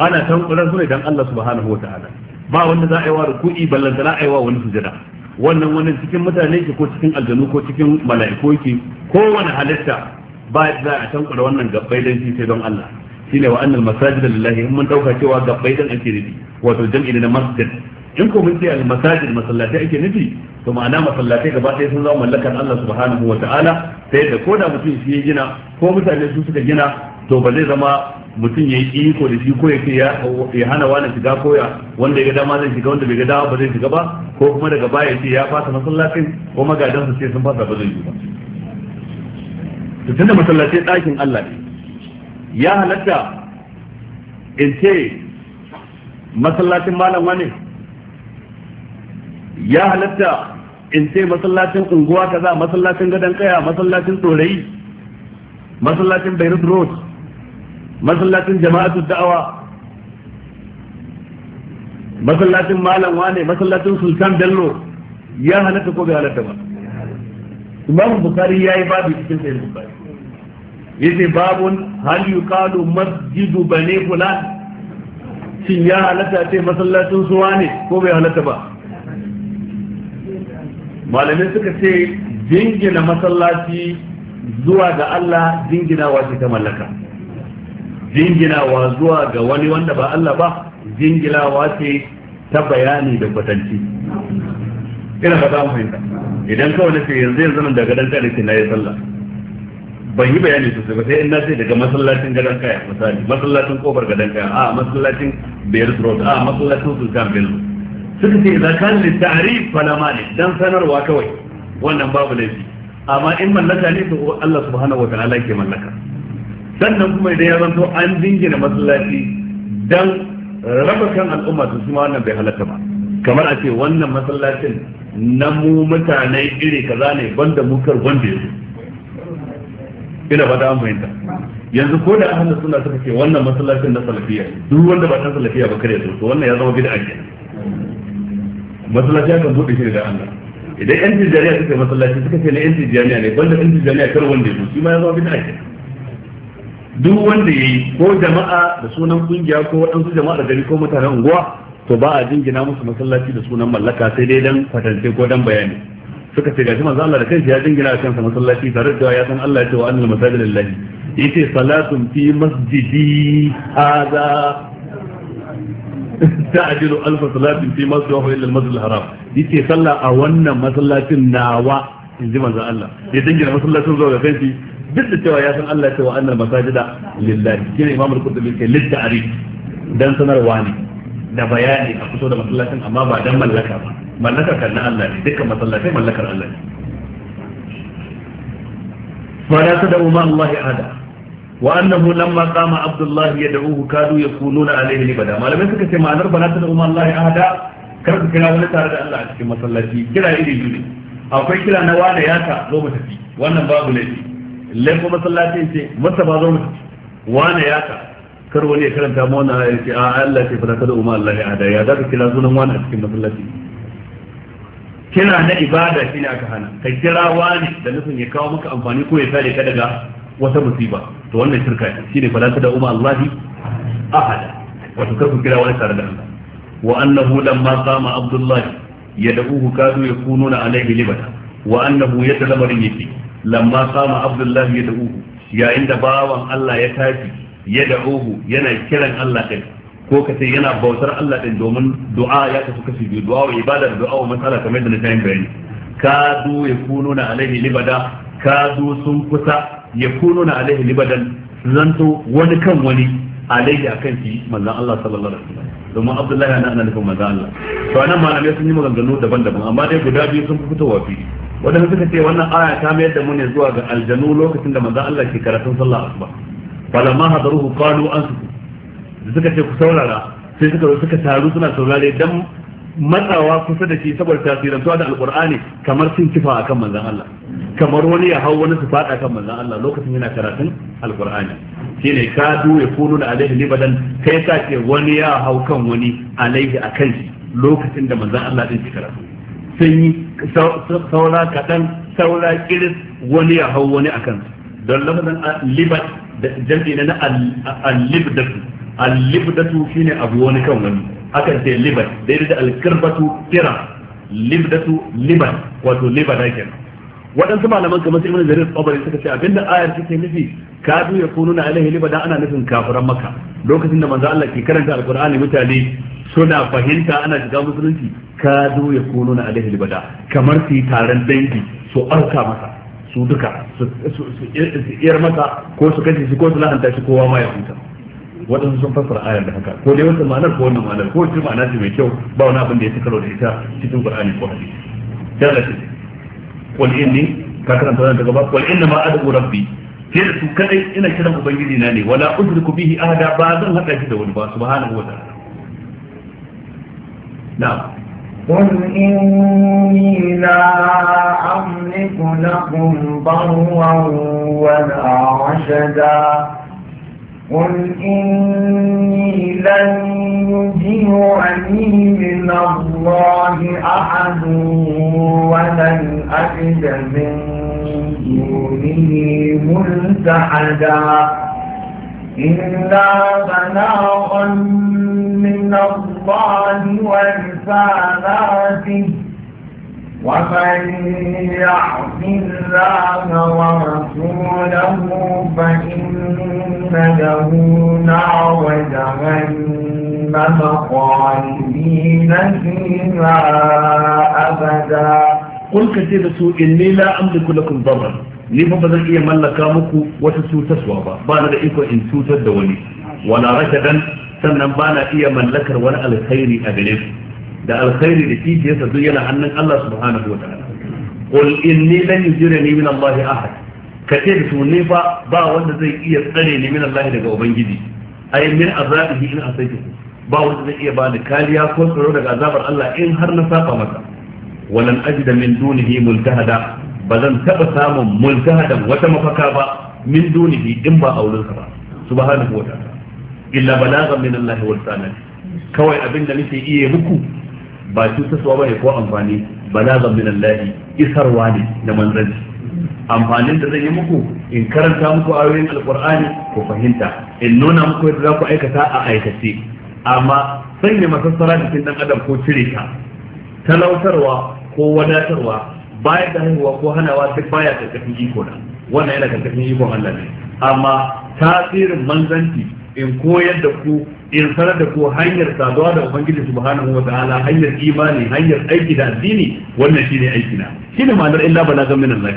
Speaker 1: ana tankuran su ne dan Allah subhanahu wataala ba wanda za a yi wa ruku'i ballantana a yi wa wani sujada wannan wani cikin mutane ke ko cikin aljanu ko cikin mala'iku yake kowane halitta ba za a tankura wannan gabbai dan shi sai don Allah shine wa annal masajid lillahi in mun dauka cewa gabbai dan ake nufi wato jam'i na masjid in ko mun ce al masajid masallatai ake nufi to ma'ana masallatai gaba ɗaya sun zama mallakar Allah subhanahu wa ta'ala sai da koda mutum shi ya gina ko mutane su suka gina to ba zai zama mutum ya yi iko da shi ko ya ce ya hana wani shiga ko ya wanda ya ga dama zai shiga wanda bai ga dama ba zai shiga ba ko kuma daga baya ce ya fasa masallacin ko magadan su ce sun fasa ba zai yi ba to tunda masallacin ɗakin Allah ne ya halatta in ce masallacin malam wani ya halatta in ce masallacin unguwa kaza masallacin gadan kaya masallacin tsorai, masallacin Beirut Road masallacin jama'atu da'awa masallacin malam wane masallacin sultan bello ya halatta ko bai halatta ba imam bukari yayi babu cikin sai bukari yace babun hal yuqalu masjidu bani fulan shin ya halatta sai masallacin su ne ko bai halatta ba malamai suka ce jingina masallaci zuwa ga Allah jingina ce ta mallaka jinginawa zuwa ga wani wanda ba Allah ba jingilawa ce ta bayani da kwatanci ina ba mu fahimta idan kawai ce yanzu yanzu nan daga dan kare na yi sallah ban yi bayani sosai ba sai in na sai daga masallacin gadon kaya misali masallacin kofar gadon kaya a masallacin bayar road a masallacin sultan bello suka ce idan kan li ta'rif fala mani dan sanarwa kawai wannan babu laifi amma in mallaka ne to Allah subhanahu wa ta'ala ke mallaka sannan kuma idan ya zanto an jingina masallaci dan raba kan al'umma su suma wannan bai halatta ba kamar a ce wannan masallacin na mu mutane iri kaza ne banda mu kar wanda ya ina ba da an yanzu ko da ahlus sunna suka ce wannan masallacin na salafiya duk wanda ba ta salafiya ba kare to wannan ya zama bid'a kenan masallaci kan bude shi da Allah idan yan tijariya suka masallaci suka ce na yan tijariya ne banda yan tijariya kar wanda ya shi ma ya zama bid'a ake duk wanda ya yi ko jama'a da sunan kungiya ko waɗansu jama'a da gari ko mutanen unguwa to ba a jingina musu masallaci da sunan mallaka sai dai dan kwatance ko dan bayani suka ce gashi manzo Allah da kansa ya jingina a kansa masallaci tare da ya san Allah ya ce wa annal masajid lillahi yace salatun fi masjidi hada ta'dilu alf salatin fi masjidi wa illa al-masjid al-haram yace sallah a wannan masallacin nawa inji manzo Allah ya jingina masallacin zuwa ga kanshi duk da cewa ya san Allah cewa annal masajida lillahi kina imam al-qurtubi ke litta'ari dan sanarwa ne da bayani a fito da masallacin amma ba dan mallaka ba mallakar kan na Allah ne dukkan masallatai mallakar Allah ne فلا تدعوا مع الله أحدا وأنه لما قام عبد الله يدعوه كادوا يكونون عليه لبدا ما لم يسكت ما نرى فلا تدعوا مع الله أحدا كرب كلا ولا تارد الله في مسلتي كلا إلي جولي أو كلا نوانا ياتا لو بتفي وأنا باب ليفي lebo masallaci ce masa ba zo mutu wane ya ka kar wani ya karanta ma wannan ayar ce a Allah ce fa kada umma Allah ya da ya zaka kira sunan wani a cikin masallaci kira na ibada shine aka hana ka kira wani da nufin ya kawo maka amfani ko ya sare ka daga wata musiba to wannan shirka ce shine fa kada umma Allah ahada wato kar ku kira wani tare da Allah wa annahu lamma qama abdullahi yad'uhu kadu yakununa alayhi libata wa annahu yatalamar yake lamma sama abdullahi ya da'uhu yayin da bawan Allah ya tafi ya da'uhu yana kiran Allah din ko ka ce yana bautar Allah din domin du'a ya kasu kashi biyu du'a wa ibada da du'a wa matsala kamar da na tayin bayani kadu ya kununa alaihi libada kadu sun kusa ya kununa alaihi libadan zanto wani kan wani alaihi akan shi manzon Allah sallallahu alaihi wasallam domin Abdullahi yana nufin manzon Allah to anan malamai sun yi maganganu daban-daban amma dai guda biyu sun fitowa fili wadanda suka ce wannan aya ta mayar da mu ne zuwa ga aljanu lokacin da manzon Allah ke karatun sallah asuba falamma hadaruhu qalu da suka ce ku saurara sai suka zo suka taru suna saurare dan matsawa kusa da shi saboda tasirantuwa da alkur'ani kamar sun kifa akan manzon Allah kamar wani ya hau wani su fada akan manzon Allah lokacin yana karatun alkur'ani shine kadu ya kunu da alaihi libadan kai ka ce wani ya hau kan wani alaihi akan shi lokacin da manzon Allah din shi karatu sun yi saura kaɗan saura kiris wani ya hau wani a kansu don lafazin libat da a na al-libdatu al-libdatu shine abu wani kan wani akan ce libat daidai da alkarbatu kira libdatu libat wato libada kenan waɗansu malaman kamar su ibn jarir qabari suka ce abinda ayar take nufi kadu ya na alaihi libada ana nufin kafiran maka lokacin da manzo Allah ke karanta alqur'ani mutane suna fahimta ana shiga musulunci kadu ya na alaihi libada kamar su taron dangi su arka masa su duka su iyar maka, ko su kace shi ko su la'anta shi kowa ma ya huta waɗansu sun fassara ayar da haka ko dai wata ma'anar ko wannan ma'anar ko wata ma'ana ce mai kyau ba wani abin da ya ci karo da ita cikin qur'ani ko hadisi wal inni ka karanta wannan daga ba wal inna ma adu rabbi ke da su kadai ina kiran ubangiji na ne wala udriku bihi ahada ba zan hada shi da wani ba subhanahu wa ta'ala na'am
Speaker 2: قل إني لا أملك لكم ضرا ولا رشدا قل إني لن يجيرني من الله أحد ولن أجد من دونه ملتحدا إلا بلاغا من الله ورسالاته ومن يعص الله ورسوله فإن له نار جهنم خالدين فيها أبدا قل كثير سوء إني لا أملك لكم ضرا
Speaker 1: ni fa ba zan iya mallaka muku wata cutarwa ba ba na da iko in cutar da wani wala rashadan sannan ba na iya mallakar wani alkhairi a gare ku da alkhairi da kishiyarsa duk yana hannun Allah subhanahu wa ta'ala qul inni lan yujirani min Allah ahad kace da su ne fa ba wanda zai iya tsare ni min Allah daga ubangiji ay min azabihi in asaitu ba wanda zai iya bani kariya ko tsaro daga azabar Allah in har na saba masa walan ajida min dunihi multahada ba zan taba samun multahadan wata mafaka ba min dunihi in ba aurinsa ba subhanahu wa ta'ala illa balagan min Allah wal kawai abin da nake iya muku ba shi cutarwa ba ne ko amfani balagan min Allah isarwa ne da manzanci amfanin da zan yi muku in karanta muku ayoyin alqur'ani ko fahimta in nuna muku yadda za ku aikata a aikace amma sanya masassara cikin dan adam ko cire ta talautarwa ko wadatarwa bayan da haihuwa ko hanawa duk baya karkashin iko na wannan yana karkashin ikon Allah ne amma tasirin manzanci in koyar da ku in sanar da ku hanyar saduwa da ubangiji subhanahu wa ta'ala hanyar imani hanyar aiki da addini wannan shine aiki na shine ma'anar illa balagan min Allah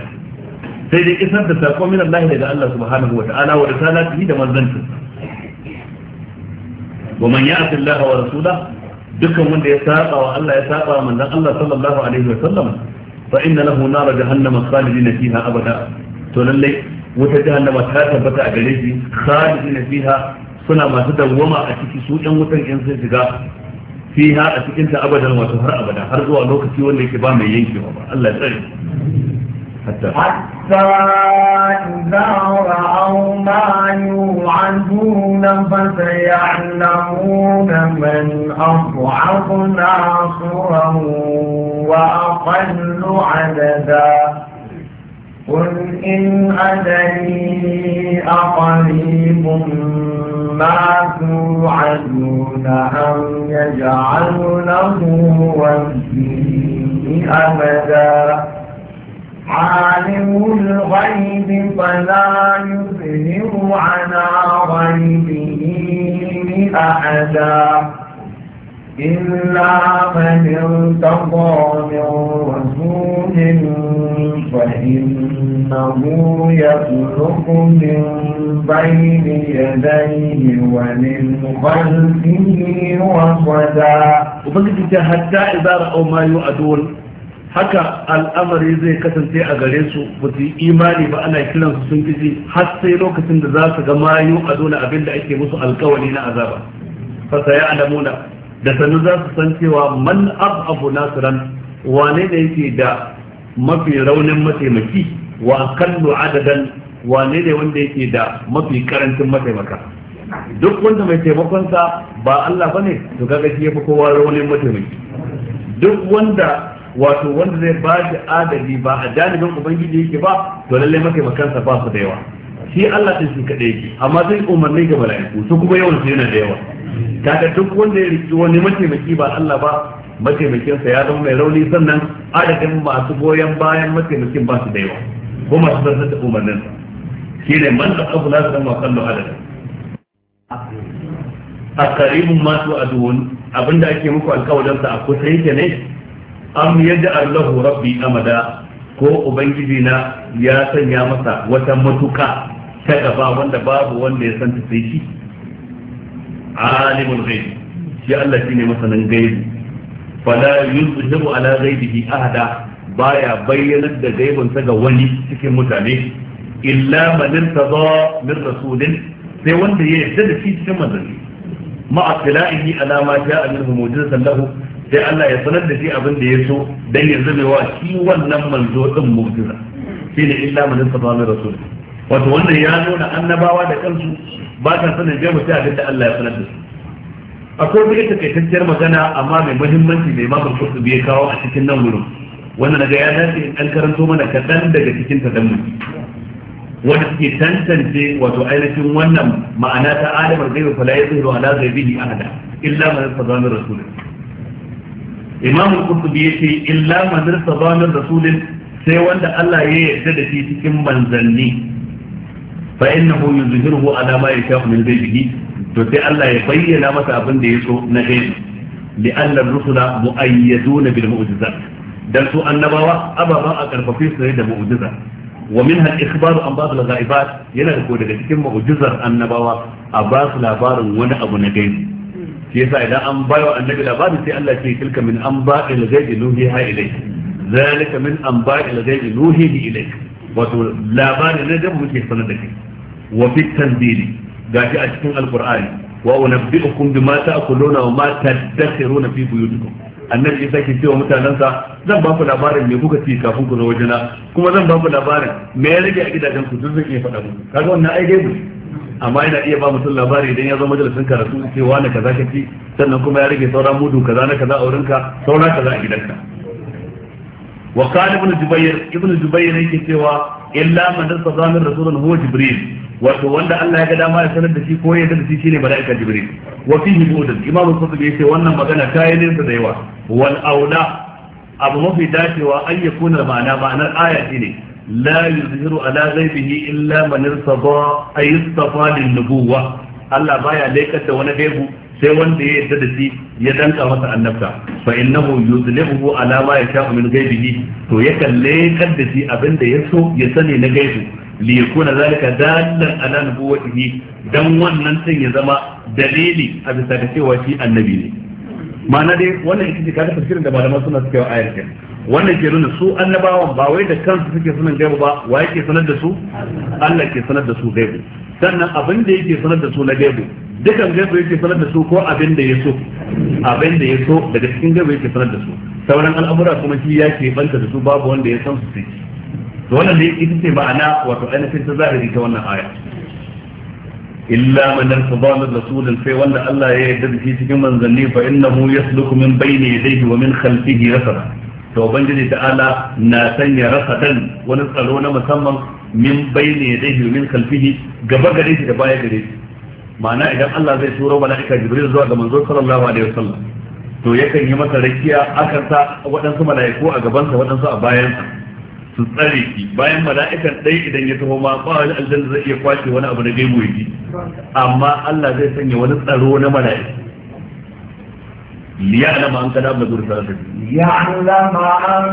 Speaker 1: sai dai isar da sako min Allah daga Allah subhanahu wa ta'ala wa risalatihi da manzancin wa man ya'ti Allah wa rasulahu dukkan wanda ya saba wa Allah ya saba wa manzon Allah sallallahu alaihi wa sallam fa inna lahu nar jahannam khalidin fiha abada to lalle wata jahannama ta tabbata a gare shi khalidin fiha suna masu dawwama a ciki su ɗan wutan in sun shiga fi ha a cikin ta abadan wato har abada har zuwa lokaci wanda yake ba mai yanke ba Allah ya tsare حتى إذا
Speaker 2: رأوا ما يوعدون فسيعلمون من أضعف ناصرا وأقل عددا قل إن أدري أقريب ما توعدون أم يجعل له وجهي أبدا عالم الغيب فلا يظهر على غيبه أحدا إلا من ارتضى من رسول فإنه يخلق من بين يديه ومن خلفه وصدا وبقيت حتى إدارة أو
Speaker 1: ما يؤدون هكا الامر زي كتن تي اغارين سو ايماني با انا كلان سو حتى لوكتن دا زاسا ما يو ادونا ايكي موسو القولي نا فسيعلمون da sanu za su san cewa man abu nasiran wane ne yake da mafi raunin mataimaki wa kallu adadan wane ne wanda yake da mafi karancin mataimaka duk wanda mai taimakonsa ba Allah bane to kaga shi yafi kowa raunin mataimaki duk wanda wato wanda zai ba shi adali ba a janibin ubangiji yake ba to lallai mataimakansa ba su da yawa shi Allah din shi kadai yake amma sai umarni ga mala'iku su kuma yawan su yana da yawa kaga duk wanda ya riki wani mataimaki ba Allah ba mataimakin sa ya zama mai rauni sannan adadin masu goyon bayan mataimakin ba su da yawa ko masu zartar da umarnin shi ne man da abu na zama kallo adadin a karibin masu aduwun abinda ake muku alkawarin sa a kusa yake ne am yadda Allahu rabbi amada ko ubangiji na ya sanya masa wata matuka ta gaba wanda babu wanda ya san ta sai shi alimul ghaib shi Allah shine masanin gaibi fala yuzhiru ala ghaibihi ahada baya bayyanar da gaibin ga wani cikin mutane illa man irtada min sai wanda ya yarda da shi cikin manzanni ma'a tila'ihi ala sai Allah ya sanar da shi abin da ya so dan ya zama wa shi wannan manzo din mu'jiza shine illa man irtada min wato wannan ya nuna annabawa da kansu ba ta sanin bai mutum abin da Allah ya sanar da su akwai wata takaitacciyar magana amma mai muhimmanci mai makon kusa biya kawo a cikin nan wurin wanda na ga ya dace an karanto mana kaɗan daga cikin ta damu wanda suke tantance wato ainihin wannan ma'ana ta adamar zai fala ya zuhuru ala zaibihi ahada illa man tazami rasulin imam al-qurtubi yace illa man tazami rasulin sai wanda Allah ya yarda da shi cikin manzanni fa innahu yuzhiruhu ala ma yasha'u min ghaibihi to sai Allah ya bayyana masa abin da yaso na ghaibi li anna ar-rusula mu'ayyaduna bil mu'jizat dan su annabawa ababan a karfafe su da mu'jiza wa min al-ikhbar an ba'd al-ghaibat yana da ko daga cikin mu'jizar annabawa a ba su labarin wani abu na gaibi shi yasa idan an bayo annabi labarin sai Allah ce tilka min anba'il ghaibi nuhiha ilayk zalika min anba'il ghaibi nuhihi ilayk wato labarin ne da muke sanar da kai wa fi tanzili gashi a cikin alqur'ani wa unabbi'ukum bima ta'kuluna wa ma tadakhiruna fi buyutikum annabi isa ke cewa mutanansa zan ba ku labarin me kuka ci kafin ku zo wajena kuma zan ba ku labarin me ya rage a gidajen ku duk zan iya faɗa muku kaga wannan ai gaibu amma yana iya ba mutum labari idan ya zo majalisin karatu ce wani kaza ka ci sannan kuma ya rage sauran mudu kaza na kaza a wurinka saura kaza a gidanka wa qala ibn jubayr ibn jubayr yake cewa illa man tasadamin rasulun huwa jibril wato wanda Allah ya ga dama ya sanar da shi ko ya sanar da shi shine malaika jibril wa fihi bu'dan imamu qutbi yace wannan magana ta yi da yawa wal aula abu mafi dacewa an yakuna ma'ana ma'anar aya shine la yuzhiru ala ghaibihi illa man irtada ay istafa lin nubuwa Allah baya laikar da wani gaibu sai wanda ya yarda da shi ya danka masa annabta fa innahu yuzlihu ala ma yasha min ghaibihi to yakan laikar da shi abinda ya so ya sani na gaibu li yakuna zalika dallan ala nubuwwatihi dan wannan sun zama dalili a bisa shi annabi ne ma'ana dai wannan ita ce kada tafsirin da malaman suna suka yi ayar kenan wannan ke nuna su annabawan ba wai da kansu suke sanin gaibu ba wa yake sanar da su Allah ke sanar da su sannan sanar da su na dukan gaibu yake sanar da su ko abin da ya so abin da ya so daga cikin gaibu yake sanar da su sauran al'amura kuma shi ya ke banta da su babu wanda ya san su sai to wannan ne ita ce ma'ana wato ainihin ta zahiri ta wannan aya illa man arfada min rasulin sai wanda Allah ya yarda da shi cikin manzanni fa innahu yasluku min bayni yadayhi wa min khalfihi rasada to ubangiji ta'ala na sanya rasadan wani tsaro na musamman min bayni yadayhi wa min khalfihi gaba gare shi da baya gare shi ma'ana idan Allah zai turo mala'ika Jibril zuwa ga manzo sallallahu alaihi wasallam to yakan yi masa rakiya akan sa waɗansu mala'iku a gabansa waɗansu a bayansa sun tsare shi bayan mala'ikan ɗai idan ya taho ma ba wani aljanna zai iya kwace wani abu na gaibu yaji amma Allah zai sanya wani tsaro na mala'ika liya alama an kada abu da zuwa sa'a sabi
Speaker 2: ya alama an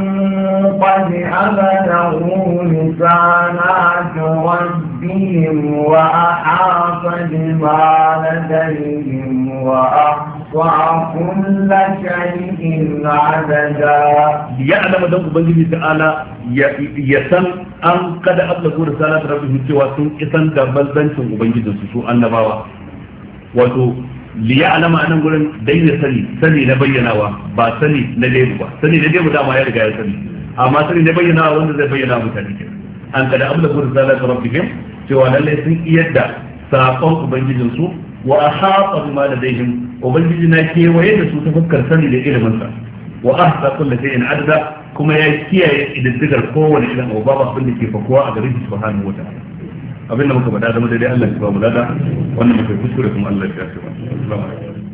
Speaker 2: kwani abada huni na ta wajibin wa a hafa lima na wa ya
Speaker 1: alama don ubangiji ta ala ya san an kada abla gura sana ta rabbi cewa sun isan da banzancin ubangijin su su annabawa wato liya alama anan gurin dai ne sani sani na bayyanawa ba sani na lebu ba sani da lebu dama ya riga ya sani amma sani na bayyanawa wanda zai bayyana mutane ke an kada abla gura sana ta rabbi cewa lallai sun iyadda saƙon ubangijin su wa ahata bima ladaihim ubangiji na kewaye da su ta fuskar sani da ilimin sa wa ahsa kullu shay'in adada kuma ya kiyaye ididdigar kowane irin abu babu abin da ke fakuwa a garin shi subhanahu
Speaker 3: wataala abinda muka faɗa zama daidai Allah ya ba mu lada wannan muka kuskure kuma Allah ya ba mu